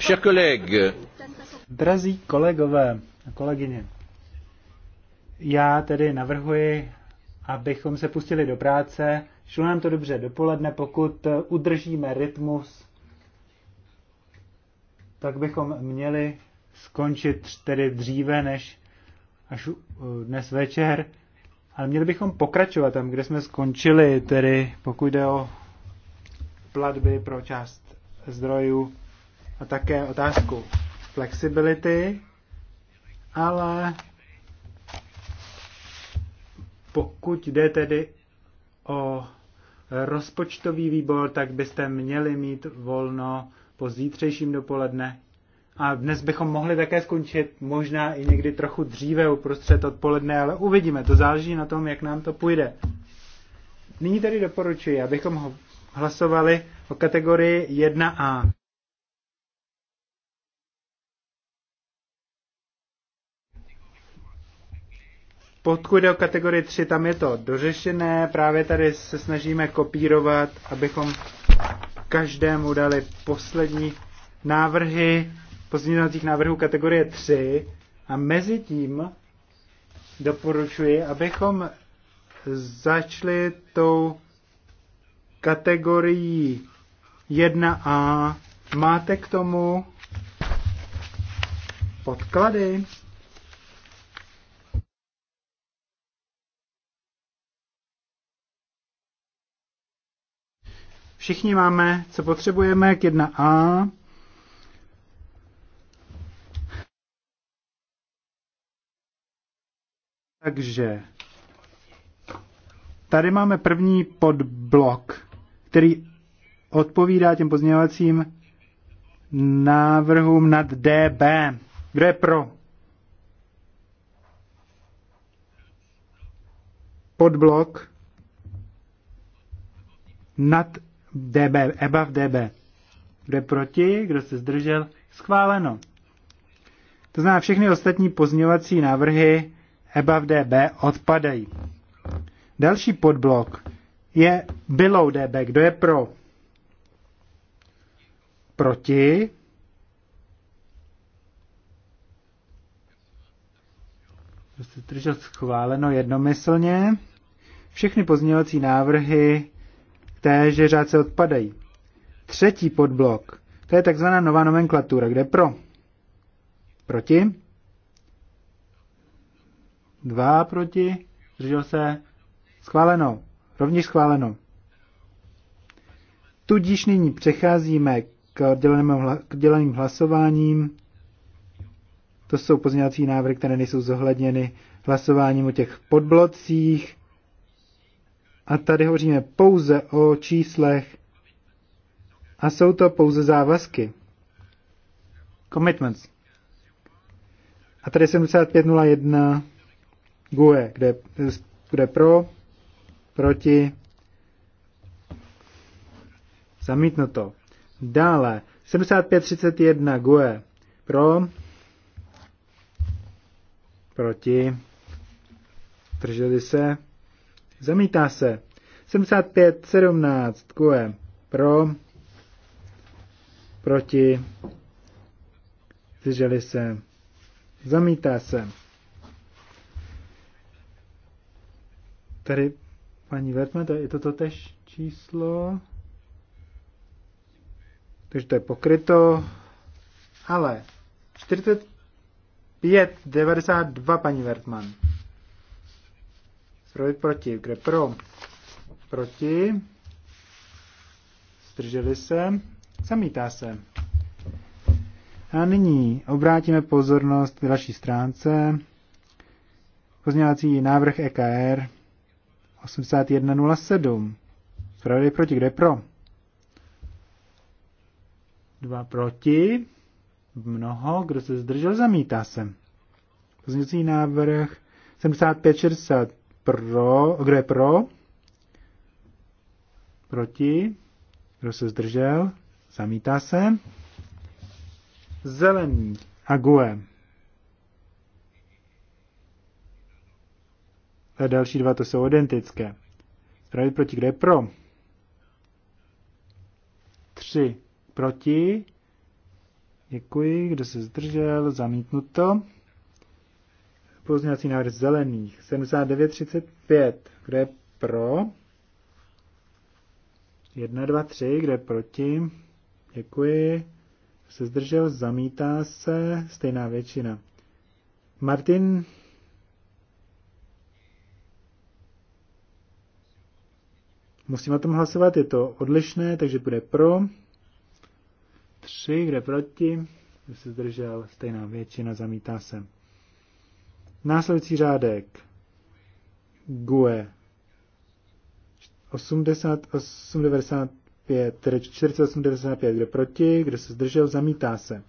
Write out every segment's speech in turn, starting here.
Chers collègues. Drazí kolegové a kolegyně, já tedy navrhuji, abychom se pustili do práce. Šlo nám to dobře dopoledne, pokud udržíme rytmus, tak bychom měli skončit tedy dříve než až eh, dnes večer. Ale měli bychom pokračovat tam, kde jsme skončili, tedy pokud jde o platby pro část zdrojů a také otázku flexibility, ale pokud jde tedy o rozpočtový výbor, tak byste měli mít volno po zítřejším dopoledne. A dnes bychom mohli také skončit možná i někdy trochu dříve uprostřed odpoledne, ale uvidíme. To záleží na tom, jak nám to půjde. Nyní tedy doporučuji, abychom hlasovali o kategorii 1A. Pokud jde o kategorii 3, tam je to dořešené. Právě tady se snažíme kopírovat, abychom každému dali poslední návrhy pozměňovacích návrhů kategorie 3. A mezi tím doporučuji, abychom začali tou kategorii 1A. Máte k tomu podklady? Všichni máme, co potřebujeme k 1A. Takže tady máme první podblok který odpovídá těm pozměňovacím návrhům nad DB. Kdo je pro? Podblok nad DB, EBA v DB. Kdo je proti? Kdo se zdržel? Schváleno. To znamená, všechny ostatní pozměňovací návrhy EBA v DB odpadají. Další podblok je below DB. Kdo je pro? Proti? Prostě držel schváleno jednomyslně. Všechny pozměňovací návrhy k téže řádce odpadají. Třetí podblok. To je takzvaná nová nomenklatura. Kde pro? Proti? Dva proti. Držel se. Schváleno. Rovněž schváleno. Tudíž nyní přecházíme k k děleným hlasováním. To jsou pozměňovací návrhy, které nejsou zohledněny hlasováním o těch podblocích. A tady hovoříme pouze o číslech a jsou to pouze závazky. Commitments. A tady 7501 GUE, kde, kde pro, proti, zamítnuto. Dále 7531 GUE pro, proti, drželi se, zamítá se. 7517 GUE pro, proti, drželi se, zamítá se. Tady Paní Vertman, to je toto tež číslo. Takže to je pokryto. Ale 45,92 paní Vertman. Zpravit proti. Kde pro? Proti. Zdrželi se. Zamítá se. A nyní obrátíme pozornost k další stránce. Pozměňovací návrh EKR 8107. Zpravodaj proti, kde je pro? Dva proti. Mnoho, kdo se zdržel, zamítá se. Pozměňovací návrh 7560 pro, kdo je pro? Proti. Kdo se zdržel? Zamítá se. A Ague. A další dva to jsou identické. Zpravit proti, kde je pro? 3 proti. Děkuji, kdo se zdržel, zamítnuto. Pozměňovací návrh zelených 7935, kde je pro? 1, 2, 3, kde je proti? Děkuji. Kdo se zdržel, zamítá se, stejná většina. Martin Musíme o tom hlasovat, je to odlišné, takže bude pro. Tři, kde proti. Kdo se zdržel, stejná většina, zamítá se. Následující řádek. GUE. 80, 895, tedy 4895, kde proti, kdo se zdržel, zamítá se.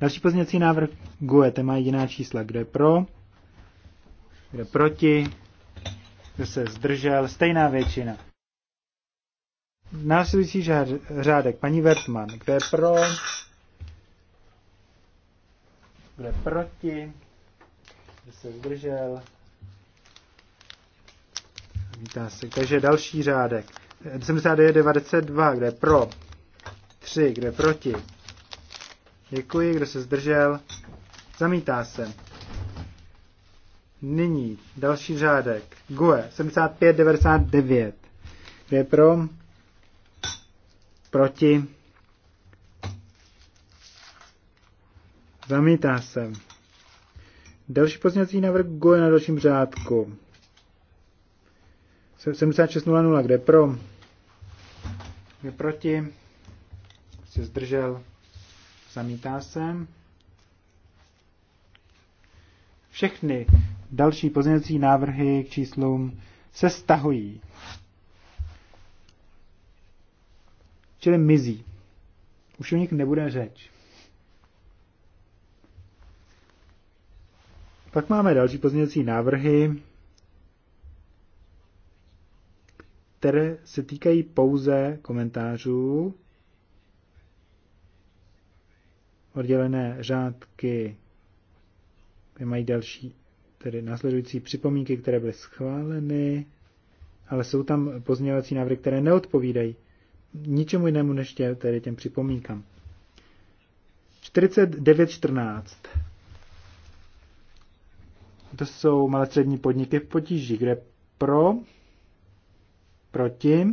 Další pozměňovací návrh GUE, ten má jediná čísla. Kdo je pro? Kdo je proti? kdo se zdržel, stejná většina. Následující řádek, paní Vertman, kdo je pro, kdo je proti, kdo se zdržel, vítá se. Takže další řádek, 7992, kde je pro, 3, kde je proti. Děkuji, kdo se zdržel, zamítá se. Nyní další řádek. GUE 7599. je pro? Proti? Zamítá se. Další pozměňovací návrh GUE na dalším řádku. 7600, kde pro? Kde proti? Se zdržel. Zamítá se. Všechny další pozměňovací návrhy k číslům se stahují. Čili mizí. Už o nich nebude řeč. Pak máme další pozměňovací návrhy, které se týkají pouze komentářů, oddělené řádky mají další, tedy následující připomínky, které byly schváleny, ale jsou tam pozměňovací návrhy, které neodpovídají ničemu jinému než tě, tedy těm připomínkám. 49.14. To jsou malé střední podniky v potíži, kde pro, proti,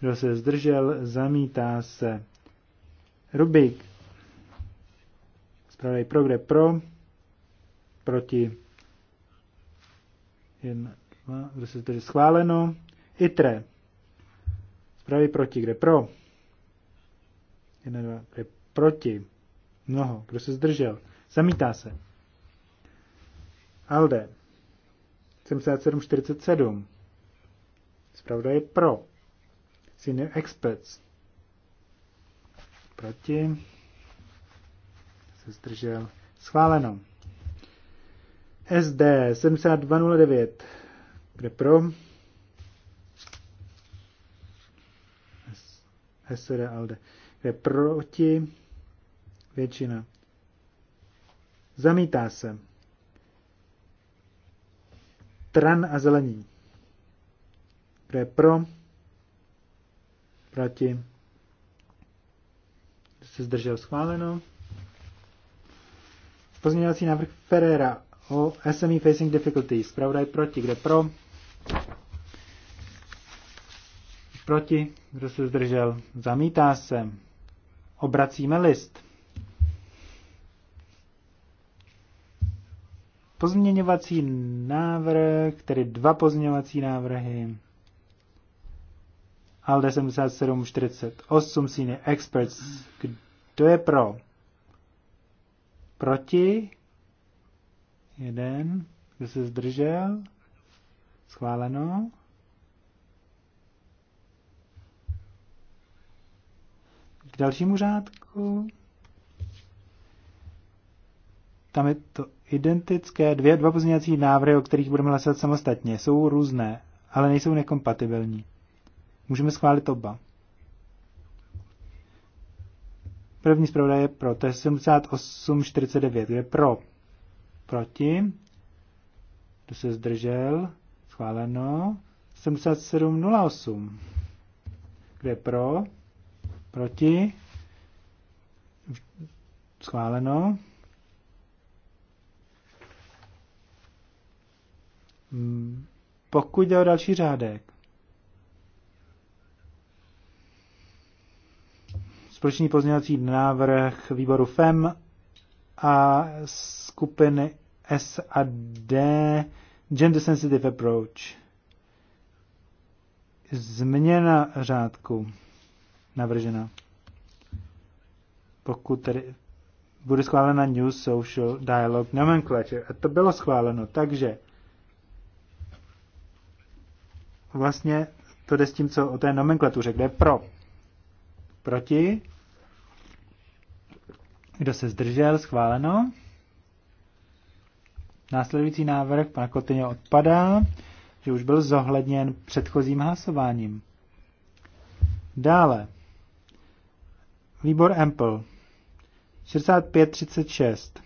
kdo se zdržel, zamítá se. Rubik. Zpravodaj pro, kde pro, proti, jedna dva, kdo se tedy schváleno, ITRE, zpravy proti, kde pro, jedna, dva, kde proti, mnoho, kdo se zdržel, zamítá se. ALDE 7747. Zpravda je pro. Senior experts. Proti. Se zdržel. Schváleno. SD 7209. Kde pro? SD Alde. Kde proti? Většina. Zamítá se. Tran a zelení. Kde je pro? Proti? Kde se zdržel schváleno? Pozměňovací návrh Ferrera o SME Facing Difficulties. je proti, kde pro? Proti, kdo se zdržel? Zamítá se. Obracíme list. Pozměňovací návrh, tedy dva pozměňovací návrhy. ALDE 7748, Sine Experts. Kdo je pro? Proti? Jeden. Kdo se zdržel? Schváleno. K dalšímu řádku. Tam je to identické. Dvě, dva pozměňovací návrhy, o kterých budeme hlasovat samostatně. Jsou různé, ale nejsou nekompatibilní. Můžeme schválit oba. První zpravodaj je pro, to je 7849, kde pro, Proti? Kdo se zdržel? Schváleno. 7708. Kdo je pro? Proti? Schváleno. Pokud jde o další řádek. Společný pozměňovací návrh výboru FEM a skupiny s a D, Gender Sensitive Approach. Změna řádku navržena. Pokud tedy bude schválena New Social Dialogue Nomenclature. A to bylo schváleno, takže vlastně to jde s tím, co o té nomenklatuře, kde je pro. Proti. Kdo se zdržel, schváleno. Následující návrh pana Kotyně odpadá, že už byl zohledněn předchozím hlasováním. Dále. Výbor Ample 6536.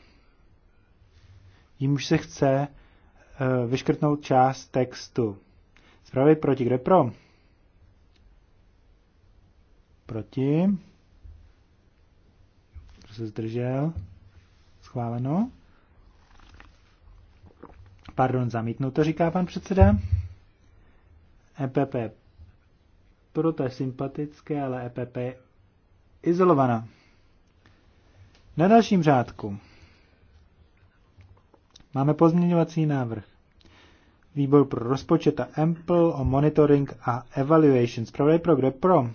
už se chce eh, vyškrtnout část textu. Zpravy proti, kde pro? Proti. Kdo se zdržel? Schváleno. Pardon, zamítnu to, říká pan předseda. EPP proto je sympatické, ale EPP je izolovaná. Na dalším řádku máme pozměňovací návrh. Výbor pro rozpočet a EMPL o monitoring a evaluation. Zpravodaj pro kdo pro?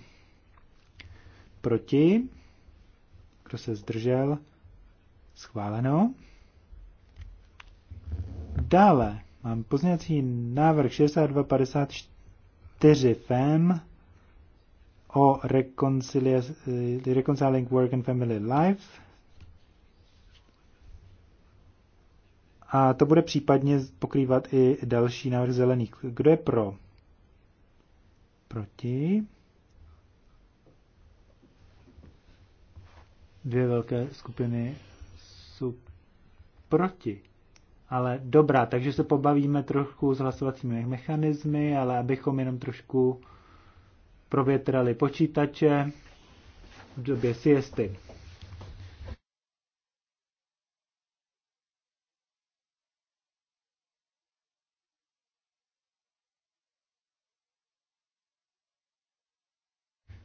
Proti? Kdo se zdržel? Schváleno. Dále mám pozněcí návrh 6254 fm e o eh, Reconciling Work and Family Life. A to bude případně pokrývat i další návrh zelených. Kdo je pro? Proti? Dvě velké skupiny jsou proti. Ale dobrá, takže se pobavíme trošku s hlasovacími mechanismy, ale abychom jenom trošku provětrali počítače v době siesty.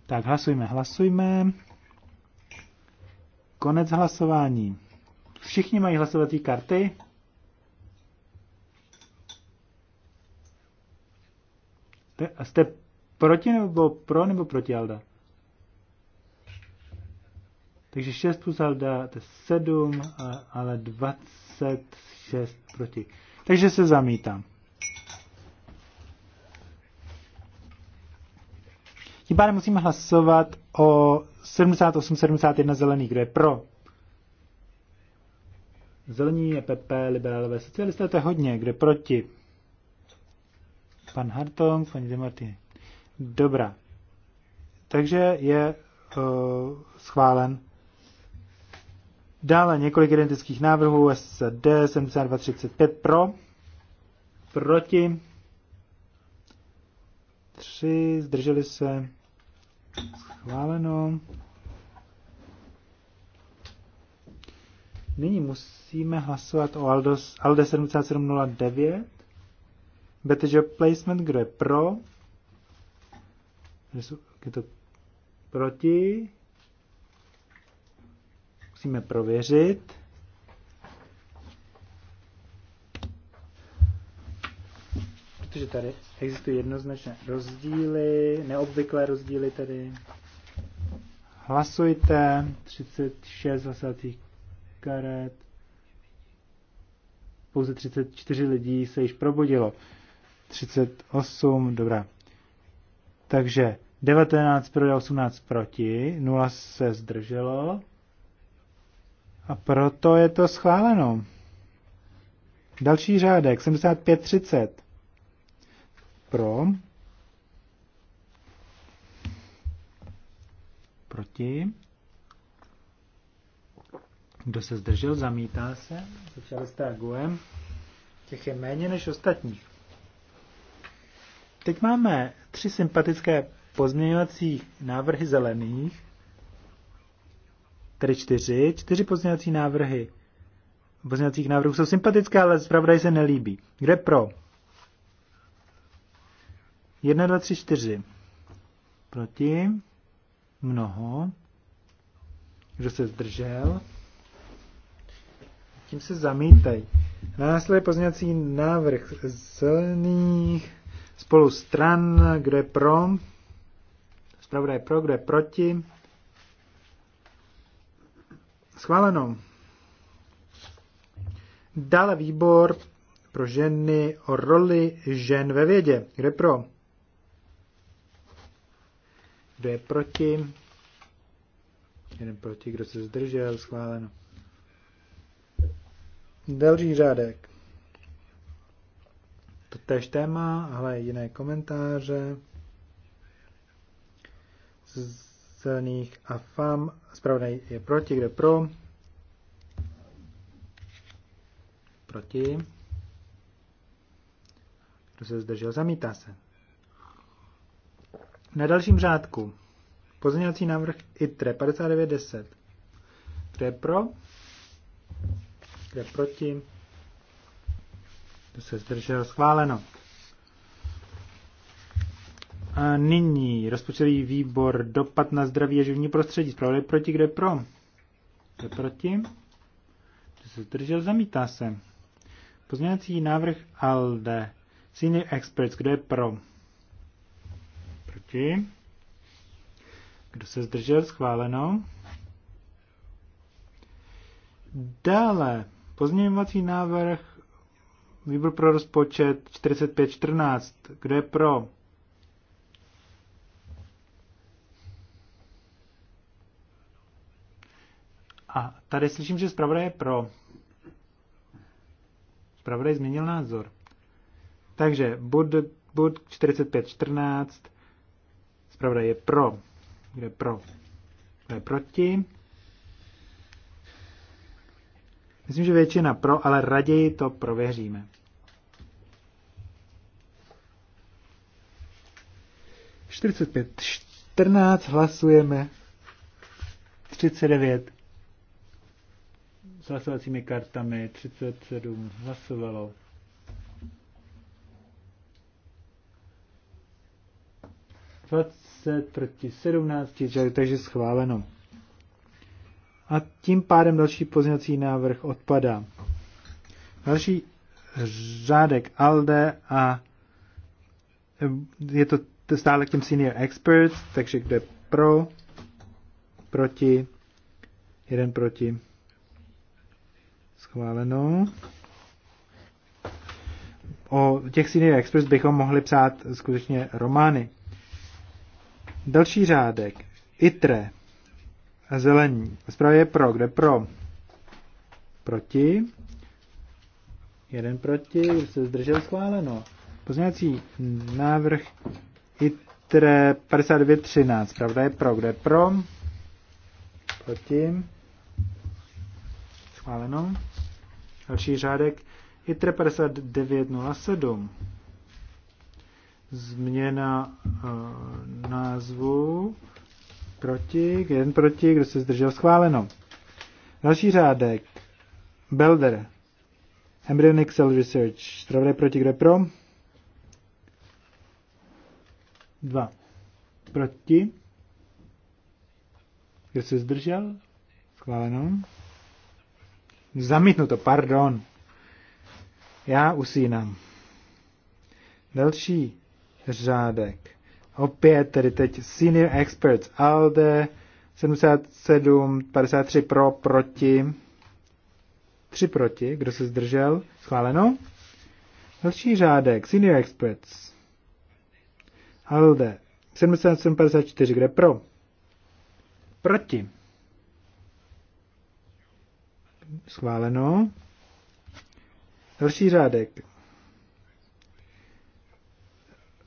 Tak hlasujme, hlasujme. Konec hlasování. Všichni mají hlasovací karty? Jste proti nebo pro nebo proti Alda? Takže 6 plus Alda, to je 7, ale 26 proti. Takže se zamítám. Tím pádem musíme hlasovat o 78-71 zelený, kdo je pro. Zelení je PP, liberálové, socialisté, to je hodně, kde proti pan Hartong, paní Demartini. Dobrá. Takže je uh, schválen. Dále několik identických návrhů SD 7235 pro, proti, 3, zdrželi se, schváleno. Nyní musíme hlasovat o Aldos, ALDE 7709. Better job placement, kdo je pro? Je to proti? Musíme prověřit. Protože tady existují jednoznačné rozdíly, neobvyklé rozdíly tady. Hlasujte, 36 hlasovacích karet. Pouze 34 lidí se již probudilo. 38, dobrá. Takže 19 pro 18 proti, 0 se zdrželo. A proto je to schváleno. Další řádek, 7530. Pro. Proti. Kdo se zdržel, zamítá se. Začal jste aguem. Těch je méně než ostatních. Teď máme tři sympatické pozměňovací návrhy zelených, tedy čtyři, čtyři pozměňovací návrhy pozměňovacích návrhů jsou sympatické, ale zpravodaj se nelíbí. Kde pro? 1, 2, 3, 4. Proti. Mnoho. Kdo se zdržel? Tím se zamítají. Následuje pozměňovací návrh zelených spolu stran, kdo je pro, zpravodaj pro, kdo je proti. Schváleno. Dále výbor pro ženy o roli žen ve vědě. Kde pro? Kdo je proti? Jeden proti, kdo se zdržel, schváleno. Další řádek to tež téma, ale jiné komentáře z zelených a FAM. Zpravodaj je proti, kde pro? Proti. Kdo se zdržel, zamítá se. Na dalším řádku pozměňovací návrh ITRE 5910. Kde je pro? Kde je proti? kdo se zdržel, schváleno. A nyní rozpočtový výbor dopad na zdraví a životní prostředí. Zpravodaj proti, kde pro? Kde proti? Kdo se zdržel, zamítá se. Pozměňovací návrh ALDE. Senior Experts, kdo je pro? Proti. Kdo se zdržel, schváleno. Dále pozměňovací návrh Výbor pro rozpočet 4514. Kdo je pro? A tady slyším, že zpravodaj je pro. Zpravodaj změnil názor. Takže bod, bod 4514. Zpravodaj je pro. Kde je pro? Kde je proti? Myslím, že většina pro, ale raději to prověříme. 45, 14 hlasujeme. 39 s hlasovacími kartami, 37 hlasovalo. proti 17, takže schváleno. A tím pádem další pozměňovací návrh odpadá. Další řádek ALDE a je to to stále k těm senior experts, takže kde pro, proti, jeden proti, schváleno. O těch senior experts bychom mohli psát skutečně romány. Další řádek. ITRE. A zelení. Zprávě je pro. Kde pro? Proti. Jeden proti. Kdo se zdržel schváleno. Pozměňovací návrh ITRE 59.13, pravda je pro, kde je pro? Proti. Schváleno. Další řádek ITRE 59.07. Změna e, názvu proti, jen proti, kdo se zdržel, schváleno. Další řádek. Belder. Embryonic Cell Research. je proti, kde je pro? 2 proti. Kdo se zdržel? Schváleno. Zamítnuto, pardon. Já usínám. Další řádek. Opět tedy teď Senior Experts ALDE 77, 53 pro, proti. 3 proti, kdo se zdržel? Schváleno. Další řádek, Senior Experts Halde 7754, kde pro? Proti. Schváleno. Další řádek.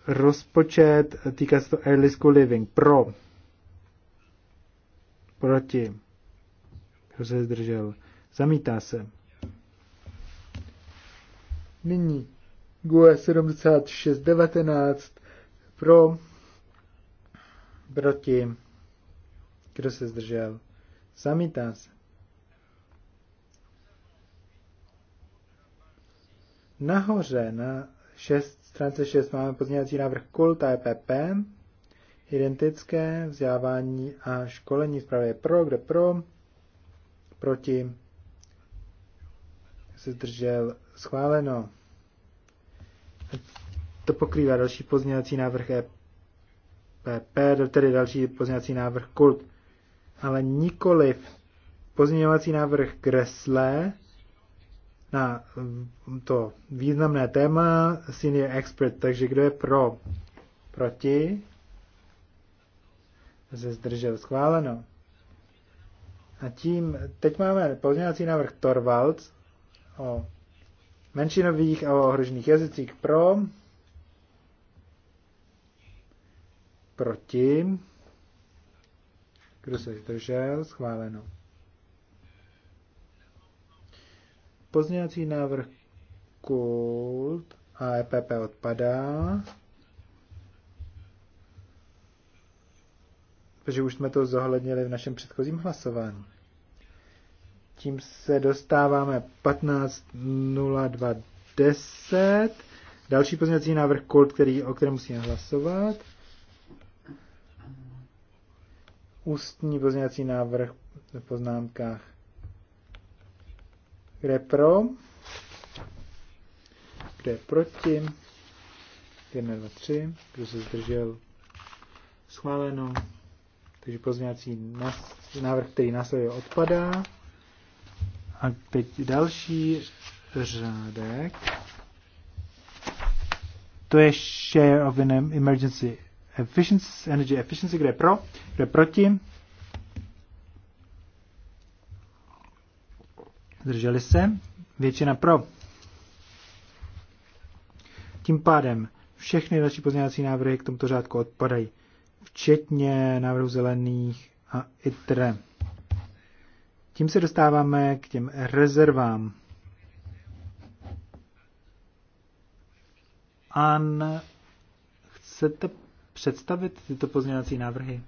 Rozpočet týká se to School Living. Pro. Proti. Kdo se zdržel? Zamítá se. Nyní GUE 7619 pro, proti, kdo se zdržel, zamítá se. Nahoře na 6, stránce 6 máme pozměňovací návrh Kulta EPP, identické vzdělávání a školení pravě pro, kde pro, proti, se zdržel schváleno. To pokrývá další pozměňovací návrh EPP, tedy další pozměňovací návrh KULT, ale nikoliv pozměňovací návrh kresle na to významné téma Senior Expert, takže kdo je pro, proti, se zdržel schváleno. A tím, teď máme pozměňovací návrh Torvalds o menšinových a ohrožených jazycích pro, Proti? Kdo se zdržel? Schváleno. Pozměňovací návrh Kult a EPP odpadá. Protože už jsme to zohlednili v našem předchozím hlasování. Tím se dostáváme 15.02.10. Další pozměňovací návrh Kult, který, o kterém musíme hlasovat ústní pozměňovací návrh v poznámkách. Kde pro? Kde proti? 1, 2, 3. Kdo se zdržel? Schváleno. Takže pozměňovací návrh, který následuje, odpadá. A teď další řádek. To je share of an emergency efficiency, energy efficiency, kde je pro, kde je proti. Zdrželi se. Většina pro. Tím pádem všechny další pozměňovací návrhy k tomuto řádku odpadají, včetně návrhu zelených a ITRE. Tím se dostáváme k těm rezervám. An, chcete představit tyto pozměňovací návrhy?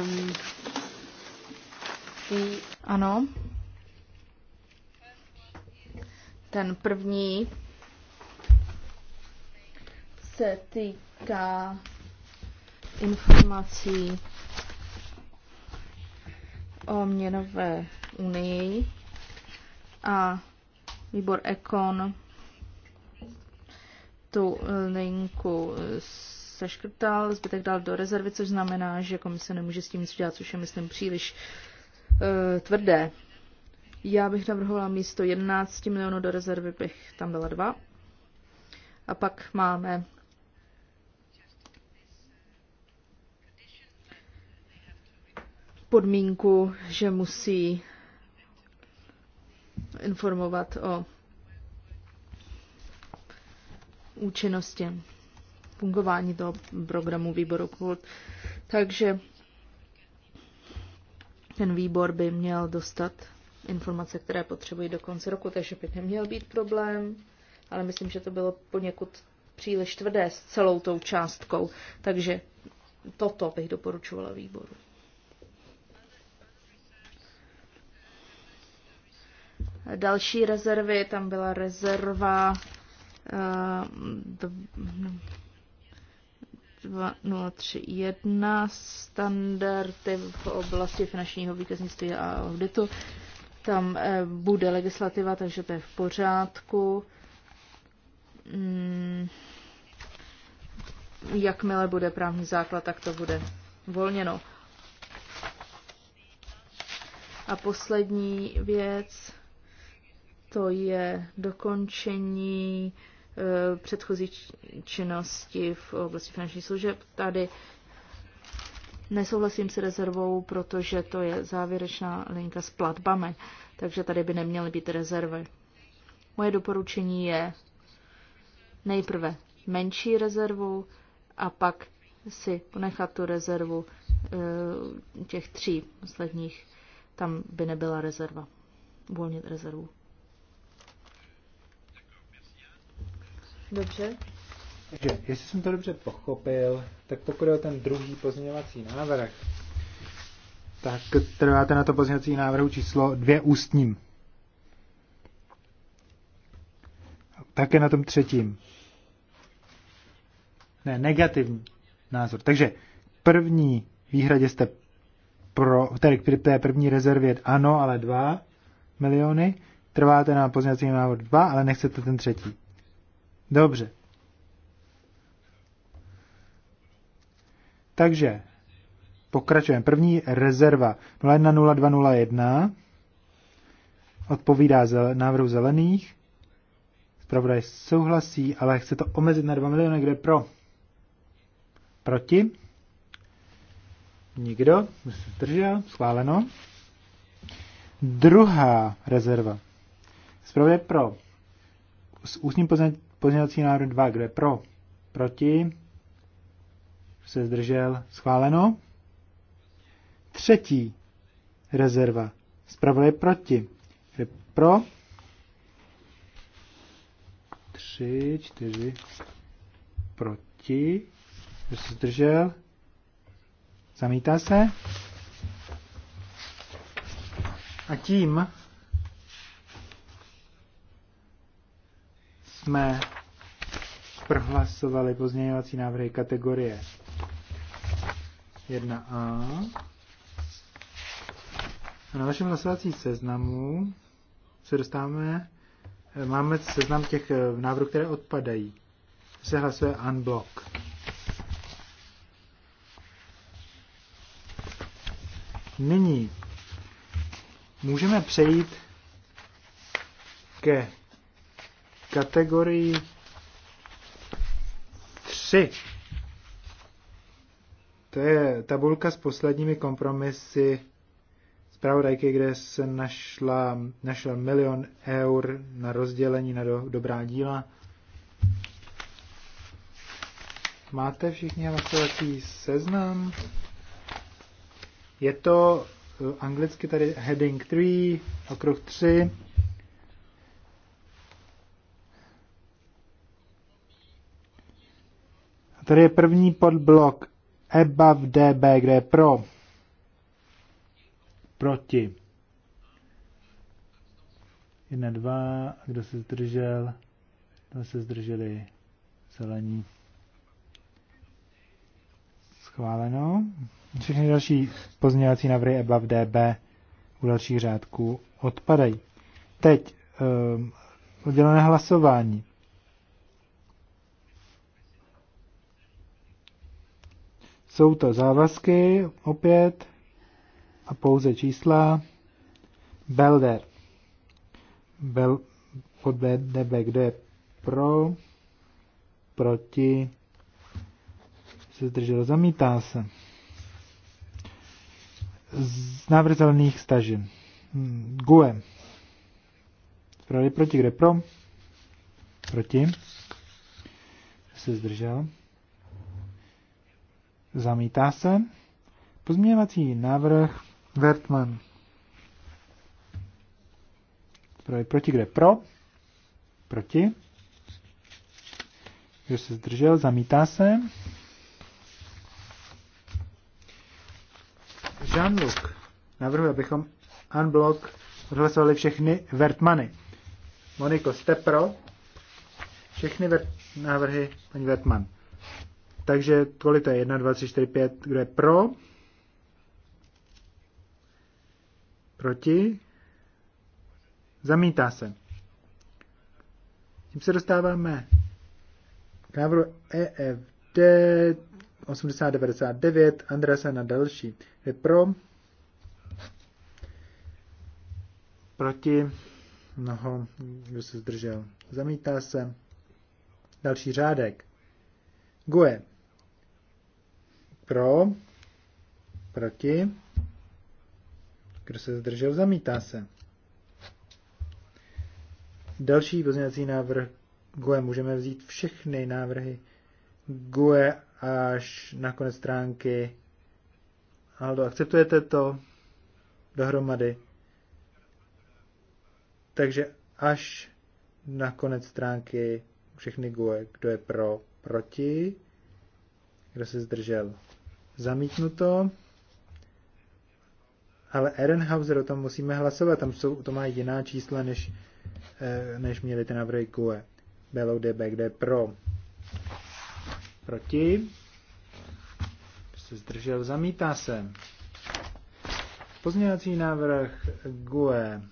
Um, ty... Ano. Ten první se týká informací o měnové unii a výbor Ekon tu linku s seškrtal, zbytek dal do rezervy, což znamená, že komise nemůže s tím nic dělat, což je, myslím, příliš e, tvrdé. Já bych navrhovala místo 11 milionů do rezervy, bych tam dala dva, A pak máme podmínku, že musí informovat o účinnosti fungování toho programu výboru KULT. Takže ten výbor by měl dostat informace, které potřebují do konce roku, takže by neměl být problém, ale myslím, že to bylo poněkud příliš tvrdé s celou tou částkou, takže toto bych doporučovala výboru. Další rezervy, tam byla rezerva eh, 2031 standardy v oblasti finančního výkaznictví a auditu. Tam eh, bude legislativa, takže to je v pořádku. Hmm. Jakmile bude právní základ, tak to bude volněno. A poslední věc, to je dokončení Eh, předchozí činnosti v oblasti finančních služeb. Tady nesouhlasím s rezervou, protože to je závěrečná linka s platbami, takže tady by neměly být rezervy. Moje doporučení je nejprve menší rezervu a pak si ponechat tu rezervu eh, těch tří posledních. Tam by nebyla rezerva, uvolnit rezervu. Dobře. Takže, jestli jsem to dobře pochopil, tak pokud je o ten druhý pozměňovací návrh, tak trváte na to pozměňovací návrhu číslo dvě ústním. Také na tom třetím. Ne, negativní názor. Takže první výhradě jste pro, tedy k té první rezervě ano, ale dva miliony. Trváte na pozměňovací návrhu dva, ale nechcete ten třetí. Dobře. Takže pokračujeme. První rezerva 010201 odpovídá zel, návrhu zelených. Zpravodaj souhlasí, ale chce to omezit na 2 miliony, kde pro. Proti? Nikdo? Zdržel? Schváleno. Druhá rezerva. Zpravodaj pro. S ústním Pozměňovací návrh 2, kde pro, proti, se zdržel, schváleno. Třetí rezerva, zpravodaj proti, kde pro, tři, čtyři, proti, kdo se zdržel, zamítá se. A tím jsme prohlasovali pozměňovací návrhy kategorie 1A. A na našem hlasovací seznamu se dostáváme, máme seznam těch eh, návrhů, které odpadají. Se hlasuje unblock. Nyní můžeme přejít ke kategorii 3. To je tabulka s posledními kompromisy zpravodajky, kde se našla, našel milion eur na rozdělení na do, dobrá díla. Máte všichni hlasovací seznam? Je to eh, anglicky tady heading 3, okruh 3. Tady je první podblok EBA DB, kde je pro, proti. Jedna, dva, kdo se zdržel, kdo se zdrželi, zelení. Schváleno. Všechny další pozměňovací návrhy EBA v DB u dalších řádků odpadají. Teď um, oddělené hlasování. Jsou to závazky opět a pouze čísla. Belder. Bel, pod nebe, kdo je pro, proti, se zdržel zamítá se. Z návrh zelených stažen. Hmm, GUE. Zpravili proti, kde pro? Proti. Se zdržel. Zamítá se. Pozměňovací návrh Vertman. Proti kde? Pro. Proti. Kdo se zdržel? Zamítá se. Jean-Luc navrhuje, abychom unblock odhlasovali všechny Vertmany. Moniko, jste pro? Všechny návrhy paní Vertman. Takže kolik to je? 1, 2, 3, 4, 5. Kdo je pro? Proti? Zamítá se. Tím se dostáváme k návrhu EFD 80-99. Andrase na další. Je pro. Proti. Noho, kdo se zdržel. Zamítá se. Další řádek. GUE pro. Proti. Kdo se zdržel, zamítá se. Další pozměňovací návrh GUE. Můžeme vzít všechny návrhy GUE až na konec stránky. Aldo, akceptujete to dohromady? Takže až na konec stránky všechny GUE, kdo je pro, proti, kdo se zdržel zamítnuto. Ale Ehrenhauser, o tom musíme hlasovat, tam jsou, to má jiná čísla, než, eh, než měli ty návrhy QE. Below DB, kde pro. Proti. Se zdržel, zamítá se. Pozměňovací návrh GUE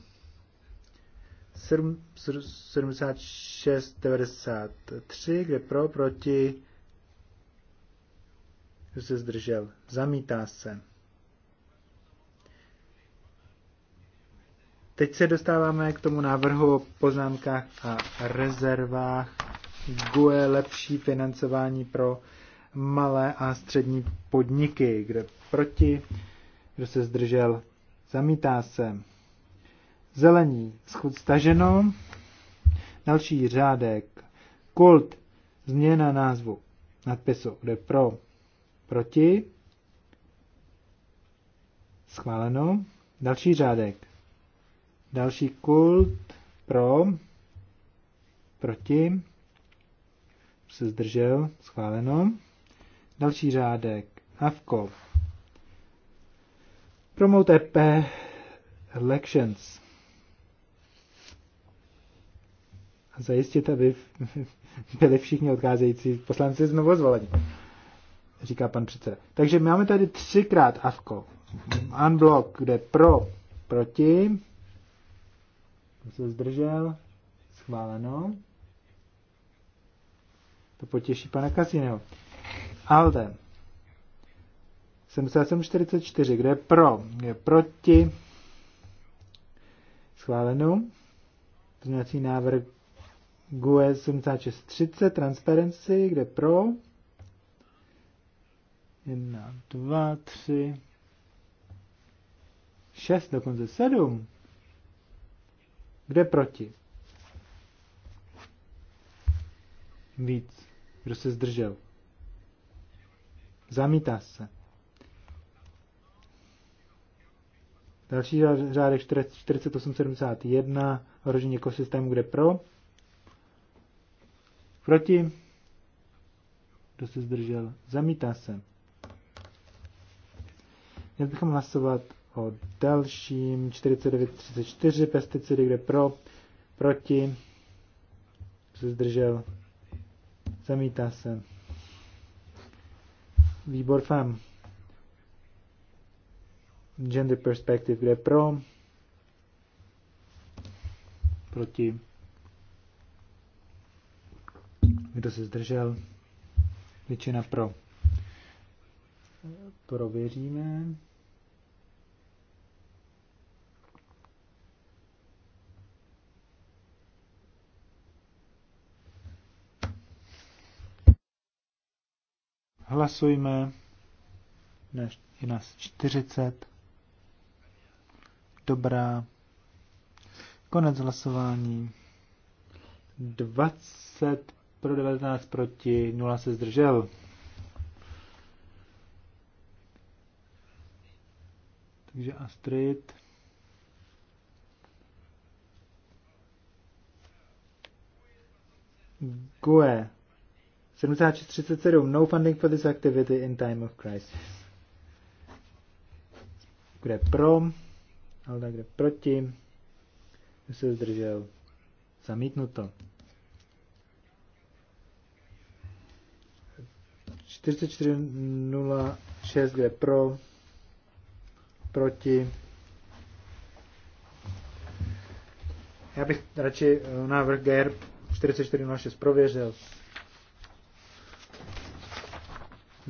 7693, kde pro, proti, kdo se zdržel, zamítá se. Teď se dostáváme k tomu návrhu o poznámkách a rezervách. GUE lepší financování pro malé a střední podniky, kde proti, kdo se zdržel, zamítá se. Zelení, schud staženo. Další řádek, kult, změna názvu, nadpisu, kde pro, Proti? Schváleno. Další řádek. Další kult pro, proti, se zdržel, schváleno. Další řádek, Havko. Promote P. Elections. A zajistit, aby byli všichni odcházející poslanci znovu zvoleni říká pan předseda. Takže máme tady třikrát avko. Unblock, kde pro, proti. Kdo se zdržel? Schváleno. To potěší pana Kasineho. Alde. 7744, kde je pro, kde je proti. Schváleno. Pozměňovací návrh GUE 7630, Transparency, kde pro, Jedna, dva, tři, šest, dokonce sedm. Kde proti? Víc. Kdo se zdržel? Zamítá se. Další řádek 4871, ohrožení ekosystému, kde pro? Proti? Kdo se zdržel? Zamítá se. Měli bychom hlasovat o dalším 4934 pesticidy, kde pro, proti, se zdržel, zamítá se. Výbor FAM. Gender Perspective, kde pro, proti, kdo se zdržel, většina pro. Prověříme. Hlasujme. Je nás 40. Dobrá. Konec hlasování. 20 pro 19 proti 0 se zdržel. Takže Astrid. Gue. 7637. No funding for this activity in time of crisis. Kde pro? Alda kde proti? Kde se zdržel? Zamítnuto. 4406, kde pro, proti. Já bych radši eh, návrh GR 4406 prověřil.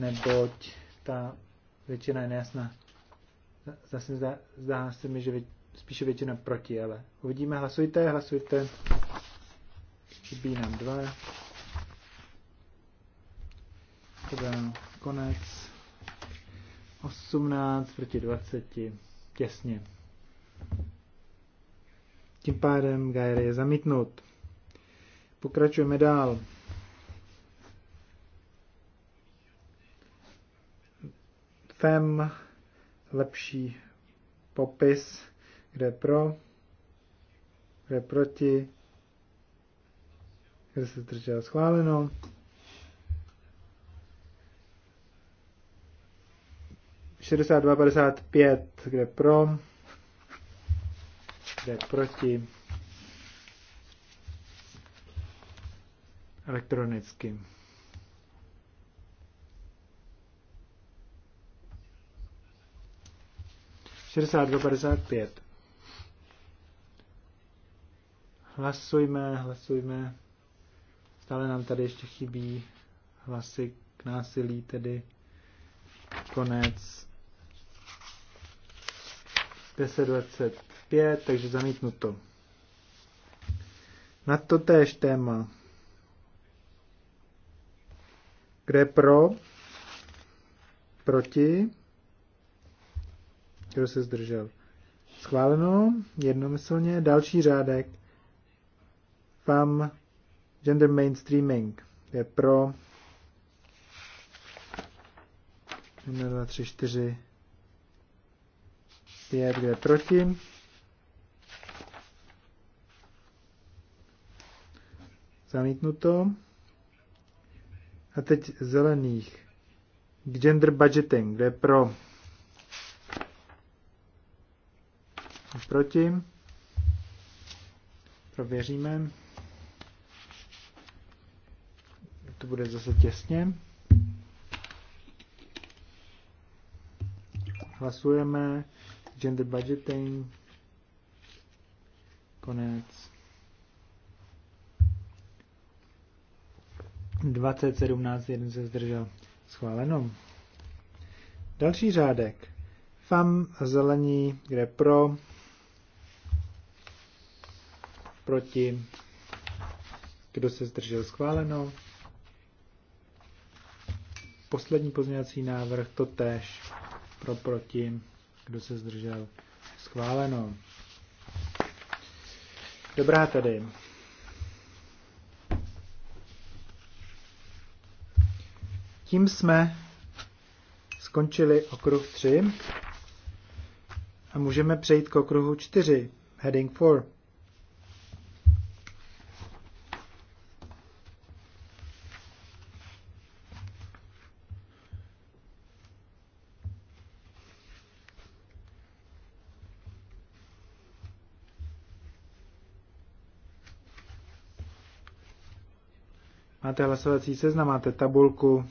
neboť ta většina je nejasná. Zase zdá, zdá se mi, že vě, spíše většina proti, ale uvidíme. Hlasujte, hlasujte. Chybí nám dva. Teda konec. 18 proti 20. Těsně. Tím pádem Gajer je zamítnut. Pokračujeme dál. FEM, lepší popis, kde pro, kde proti, kde se zdržel schváleno. Šedesát pět, kde pro, kde proti. elektronicky. 62,55. Hlasujme, hlasujme. Stále nám tady ještě chybí hlasy k násilí, tedy konec 10.25, takže zamítnuto. Na to též téma. Kde pro? Proti? Kdo se zdržel? Schváleno jednomyslně. Další řádek. FAM Gender Mainstreaming. Je pro 1, 2, 3, 4, 5, kde proti. Zamítnuto. A teď zelených. Gender budgeting, kde pro proti. Prověříme. To bude zase těsně. Hlasujeme. Gender budgeting. Konec. 2017 jeden se zdržel. Schváleno. Další řádek. FAM, zelení, kde pro, proti, kdo se zdržel schváleno. Poslední pozměňovací návrh, to tež pro proti, kdo se zdržel schváleno. Dobrá tedy. Tím jsme skončili okruh 3 a můžeme přejít k okruhu 4, heading 4. máte hlasovací seznam, máte tabulku.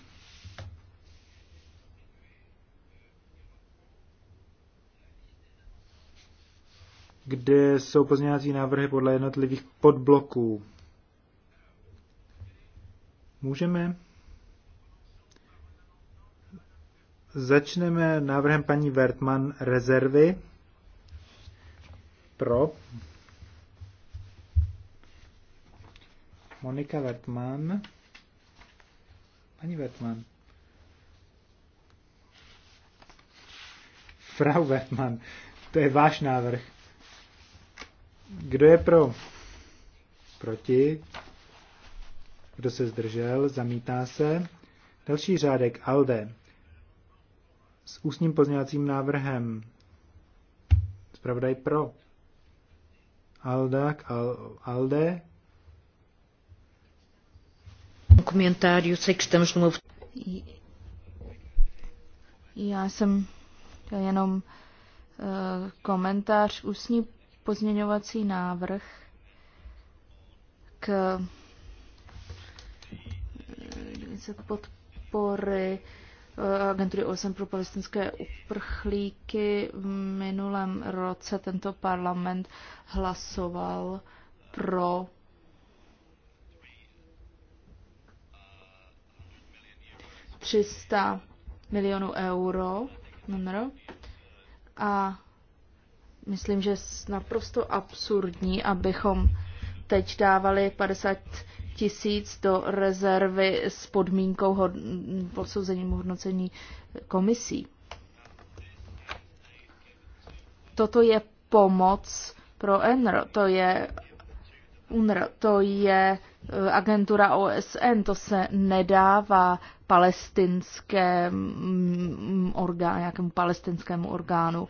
kde jsou pozměňovací návrhy podle jednotlivých podbloků. Můžeme? Začneme návrhem paní Vertman rezervy pro Monika Vertman. Pani Wetman. Frau Wetman, to je váš návrh. Kdo je pro? Proti? Kdo se zdržel? Zamítá se. Další řádek ALDE s ústním pozměňovacím návrhem. Zpravodaj pro. Aldak, al, Alde comentário. Sei que estamos numa. Já jsem jenom uh, komentář, ústní pozměňovací návrh k eh, podpory eh, agentury OSN pro palestinské uprchlíky. V minulém roce tento parlament hlasoval pro 300 milionů euro a myslím, že je naprosto absurdní, abychom teď dávali 50 tisíc do rezervy s podmínkou hod, posouzením hodnocení komisí. Toto je pomoc pro NR, to je UNR, to je e, agentura OSN, to se nedává palestinské orgán, nějakému palestinskému orgánu.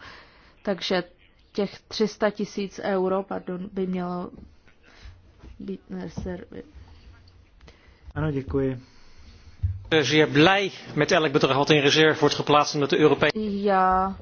Takže těch 300 tisíc euro pardon, by mělo být reservy. Ano, děkuji. Já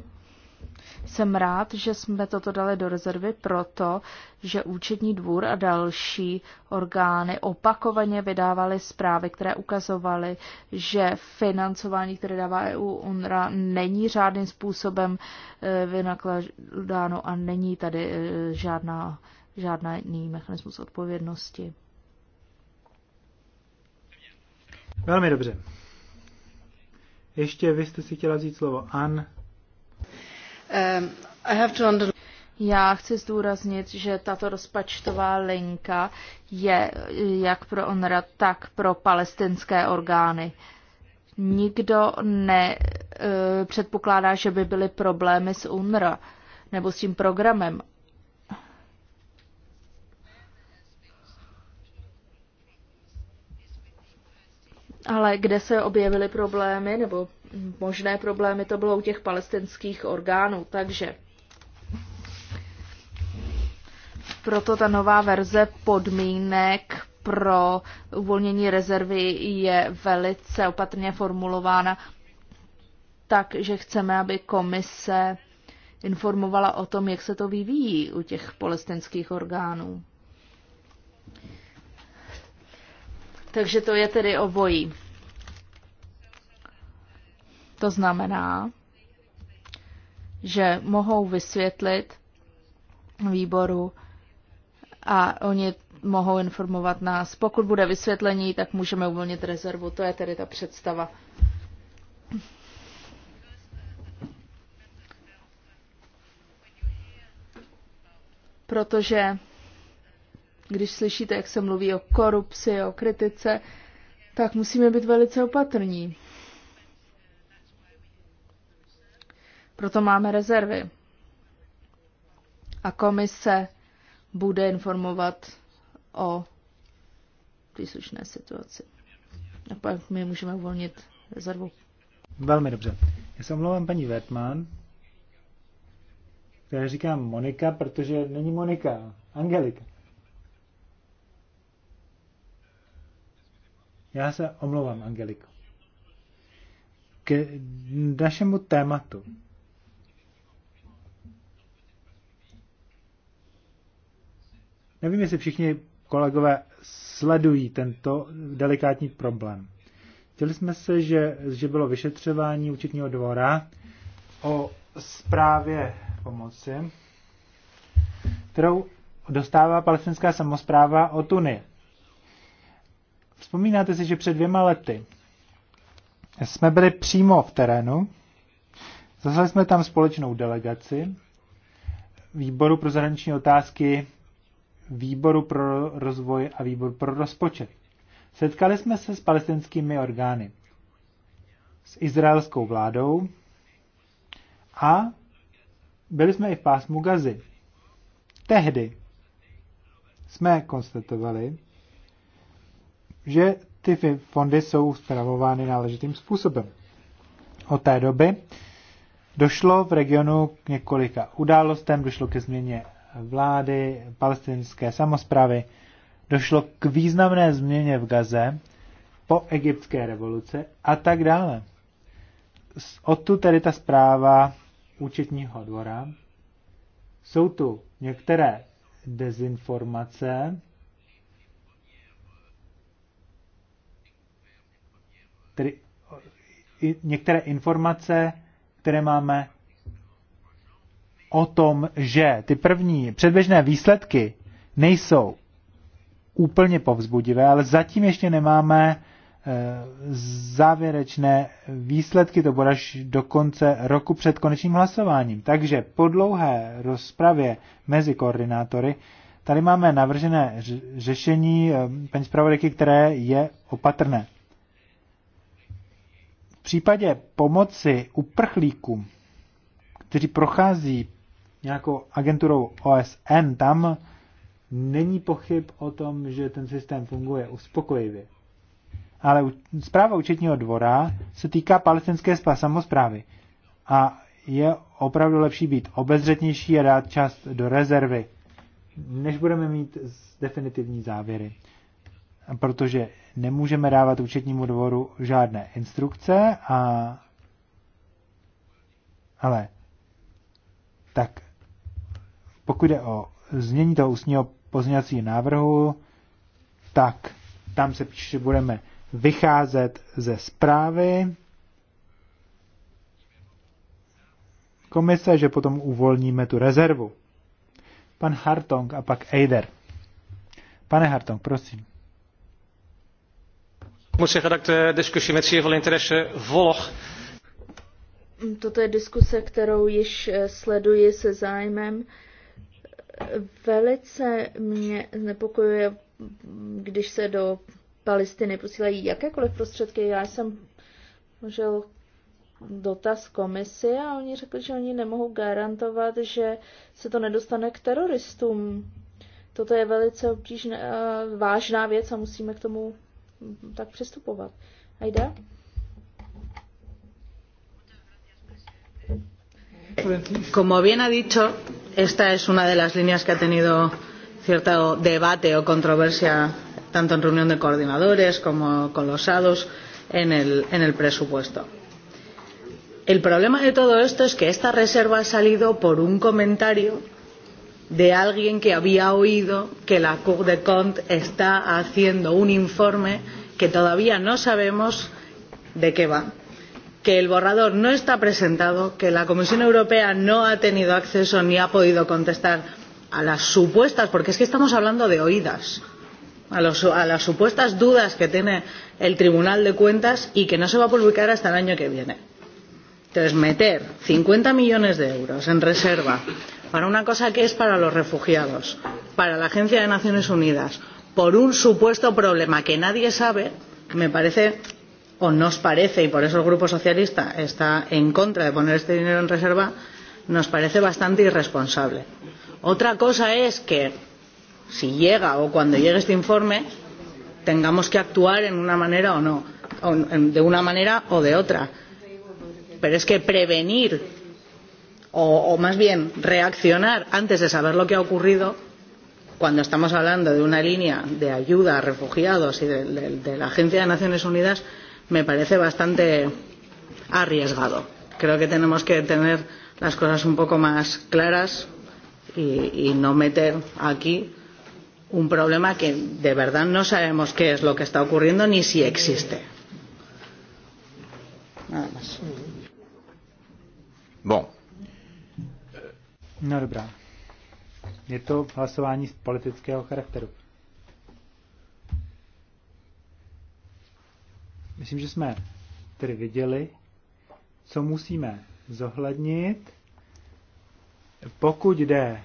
jsem rád, že jsme toto dali do rezervy proto, že účetní dvůr a další orgány opakovaně vydávaly zprávy, které ukazovaly, že financování, které dává EU UNRA, není žádným způsobem eh, vynakládáno a není tady eh, žádná, žádný mechanismus odpovědnosti. Velmi dobře. Ještě vy jste si chtěla vzít slovo An. Um, Já chci zdůraznit, že tato rozpačtová linka je jak pro ONRA, tak pro palestinské orgány. Nikdo ne eh, předpokládá, že by byly problémy s UNRWA nebo s tím programem. Ale kde se objevily problémy nebo možné problémy to bylo u těch palestinských orgánů. Takže proto ta nová verze podmínek pro uvolnění rezervy je velice opatrně formulována tak, že chceme, aby komise informovala o tom, jak se to vyvíjí u těch palestinských orgánů. Takže to je tedy obojí. To znamená, že mohou vysvětlit výboru a oni mohou informovat nás. Pokud bude vysvětlení, tak můžeme uvolnit rezervu. To je tedy ta představa. Protože když slyšíte, jak se mluví o korupci, o kritice, tak musíme být velice opatrní. Proto máme rezervy. A komise bude informovat o příslušné situaci. A pak my můžeme uvolnit rezervu. Velmi dobře. Já se omlouvám paní Vetman, které říkám Monika, protože není Monika, Angelika. Já se omlouvám, Angeliko. K našemu tématu. Nevím, jestli všichni kolegové sledují tento delikátní problém. Chtěli jsme se, že, že bylo vyšetřování účetního dvora o zprávě pomoci, kterou dostává palestinská samozpráva o Tuny. Vzpomínáte si, že před dvěma lety jsme byli přímo v terénu, zaslali jsme tam společnou delegaci výboru pro zahraniční otázky výboru pro rozvoj a výbor pro rozpočet. Setkali jsme se s palestinskými orgány, s izraelskou vládou a byli jsme i v pásmu Gazy. Tehdy jsme konstatovali, že ty fondy jsou zpravovány náležitým způsobem. Od té doby došlo v regionu k několika událostem, došlo ke změně vlády palestinské samozprávy došlo k významné změně v Gaze po egyptské revoluce a tak dále. Odtud tedy ta zpráva účetního dvora. Jsou tu některé dezinformace, tedy některé informace, které máme o tom, že ty první předběžné výsledky nejsou úplně povzbudivé, ale zatím ještě nemáme eh, závěrečné výsledky, to bude až do konce roku před konečným hlasováním. Takže po dlouhé rozpravě mezi koordinátory tady máme navržené řešení eh, paní zpravodajky, které je opatrné. V případě pomoci uprchlíkům, kteří prochází nějakou agenturou OSN, tam není pochyb o tom, že ten systém funguje uspokojivě. Ale zpráva účetního dvora se týká palestinské samozprávy a je opravdu lepší být obezřetnější a dát čas do rezervy, než budeme mít definitivní závěry. Protože nemůžeme dávat účetnímu dvoru žádné instrukce a ale tak pokud je o změní toho ústního pozměňovacího návrhu, tak tam se píše, že budeme vycházet ze zprávy komise, že potom uvolníme tu rezervu. Pan Hartong a pak Eider. Pane Hartong, prosím. Musím říct, že eh, ta diskuse discussie met zeer veel Toto je diskuse, kterou již eh, sleduji se zájmem. Velice mě znepokojuje, když se do Palestiny posílají jakékoliv prostředky. Já jsem možel dotaz komisi a oni řekli, že oni nemohou garantovat, že se to nedostane k teroristům. Toto je velice obtížná, eh, vážná věc a musíme k tomu tak přistupovat. Ajda? Como bien ha dicho, esta es una de las líneas que ha tenido cierto debate o controversia tanto en reunión de coordinadores como con los SADOS en el, en el presupuesto. El problema de todo esto es que esta reserva ha salido por un comentario de alguien que había oído que la Cour de Compte está haciendo un informe que todavía no sabemos de qué va que el borrador no está presentado que la comisión europea no ha tenido acceso ni ha podido contestar a las supuestas porque es que estamos hablando de oídas a, los, a las supuestas dudas que tiene el tribunal de cuentas y que no se va a publicar hasta el año que viene. Entonces, meter 50 millones de euros en reserva para una cosa que es para los refugiados, para la Agencia de Naciones Unidas, por un supuesto problema que nadie sabe, me parece o nos parece y por eso el grupo socialista está en contra de poner este dinero en reserva nos parece bastante irresponsable. otra cosa es que si llega o cuando llegue este informe tengamos que actuar en una manera o no o en, de una manera o de otra pero es que prevenir o, o más bien reaccionar antes de saber lo que ha ocurrido cuando estamos hablando de una línea de ayuda a refugiados y de, de, de la agencia de las naciones unidas me parece bastante arriesgado. Creo que tenemos que tener las cosas un poco más claras y, y no meter aquí un problema que de verdad no sabemos qué es lo que está ocurriendo ni si existe. Nada más. Bon. No dobrá. Je to hlasování z politického charakteru. Myslím, že jsme tedy viděli, co musíme zohlednit, pokud jde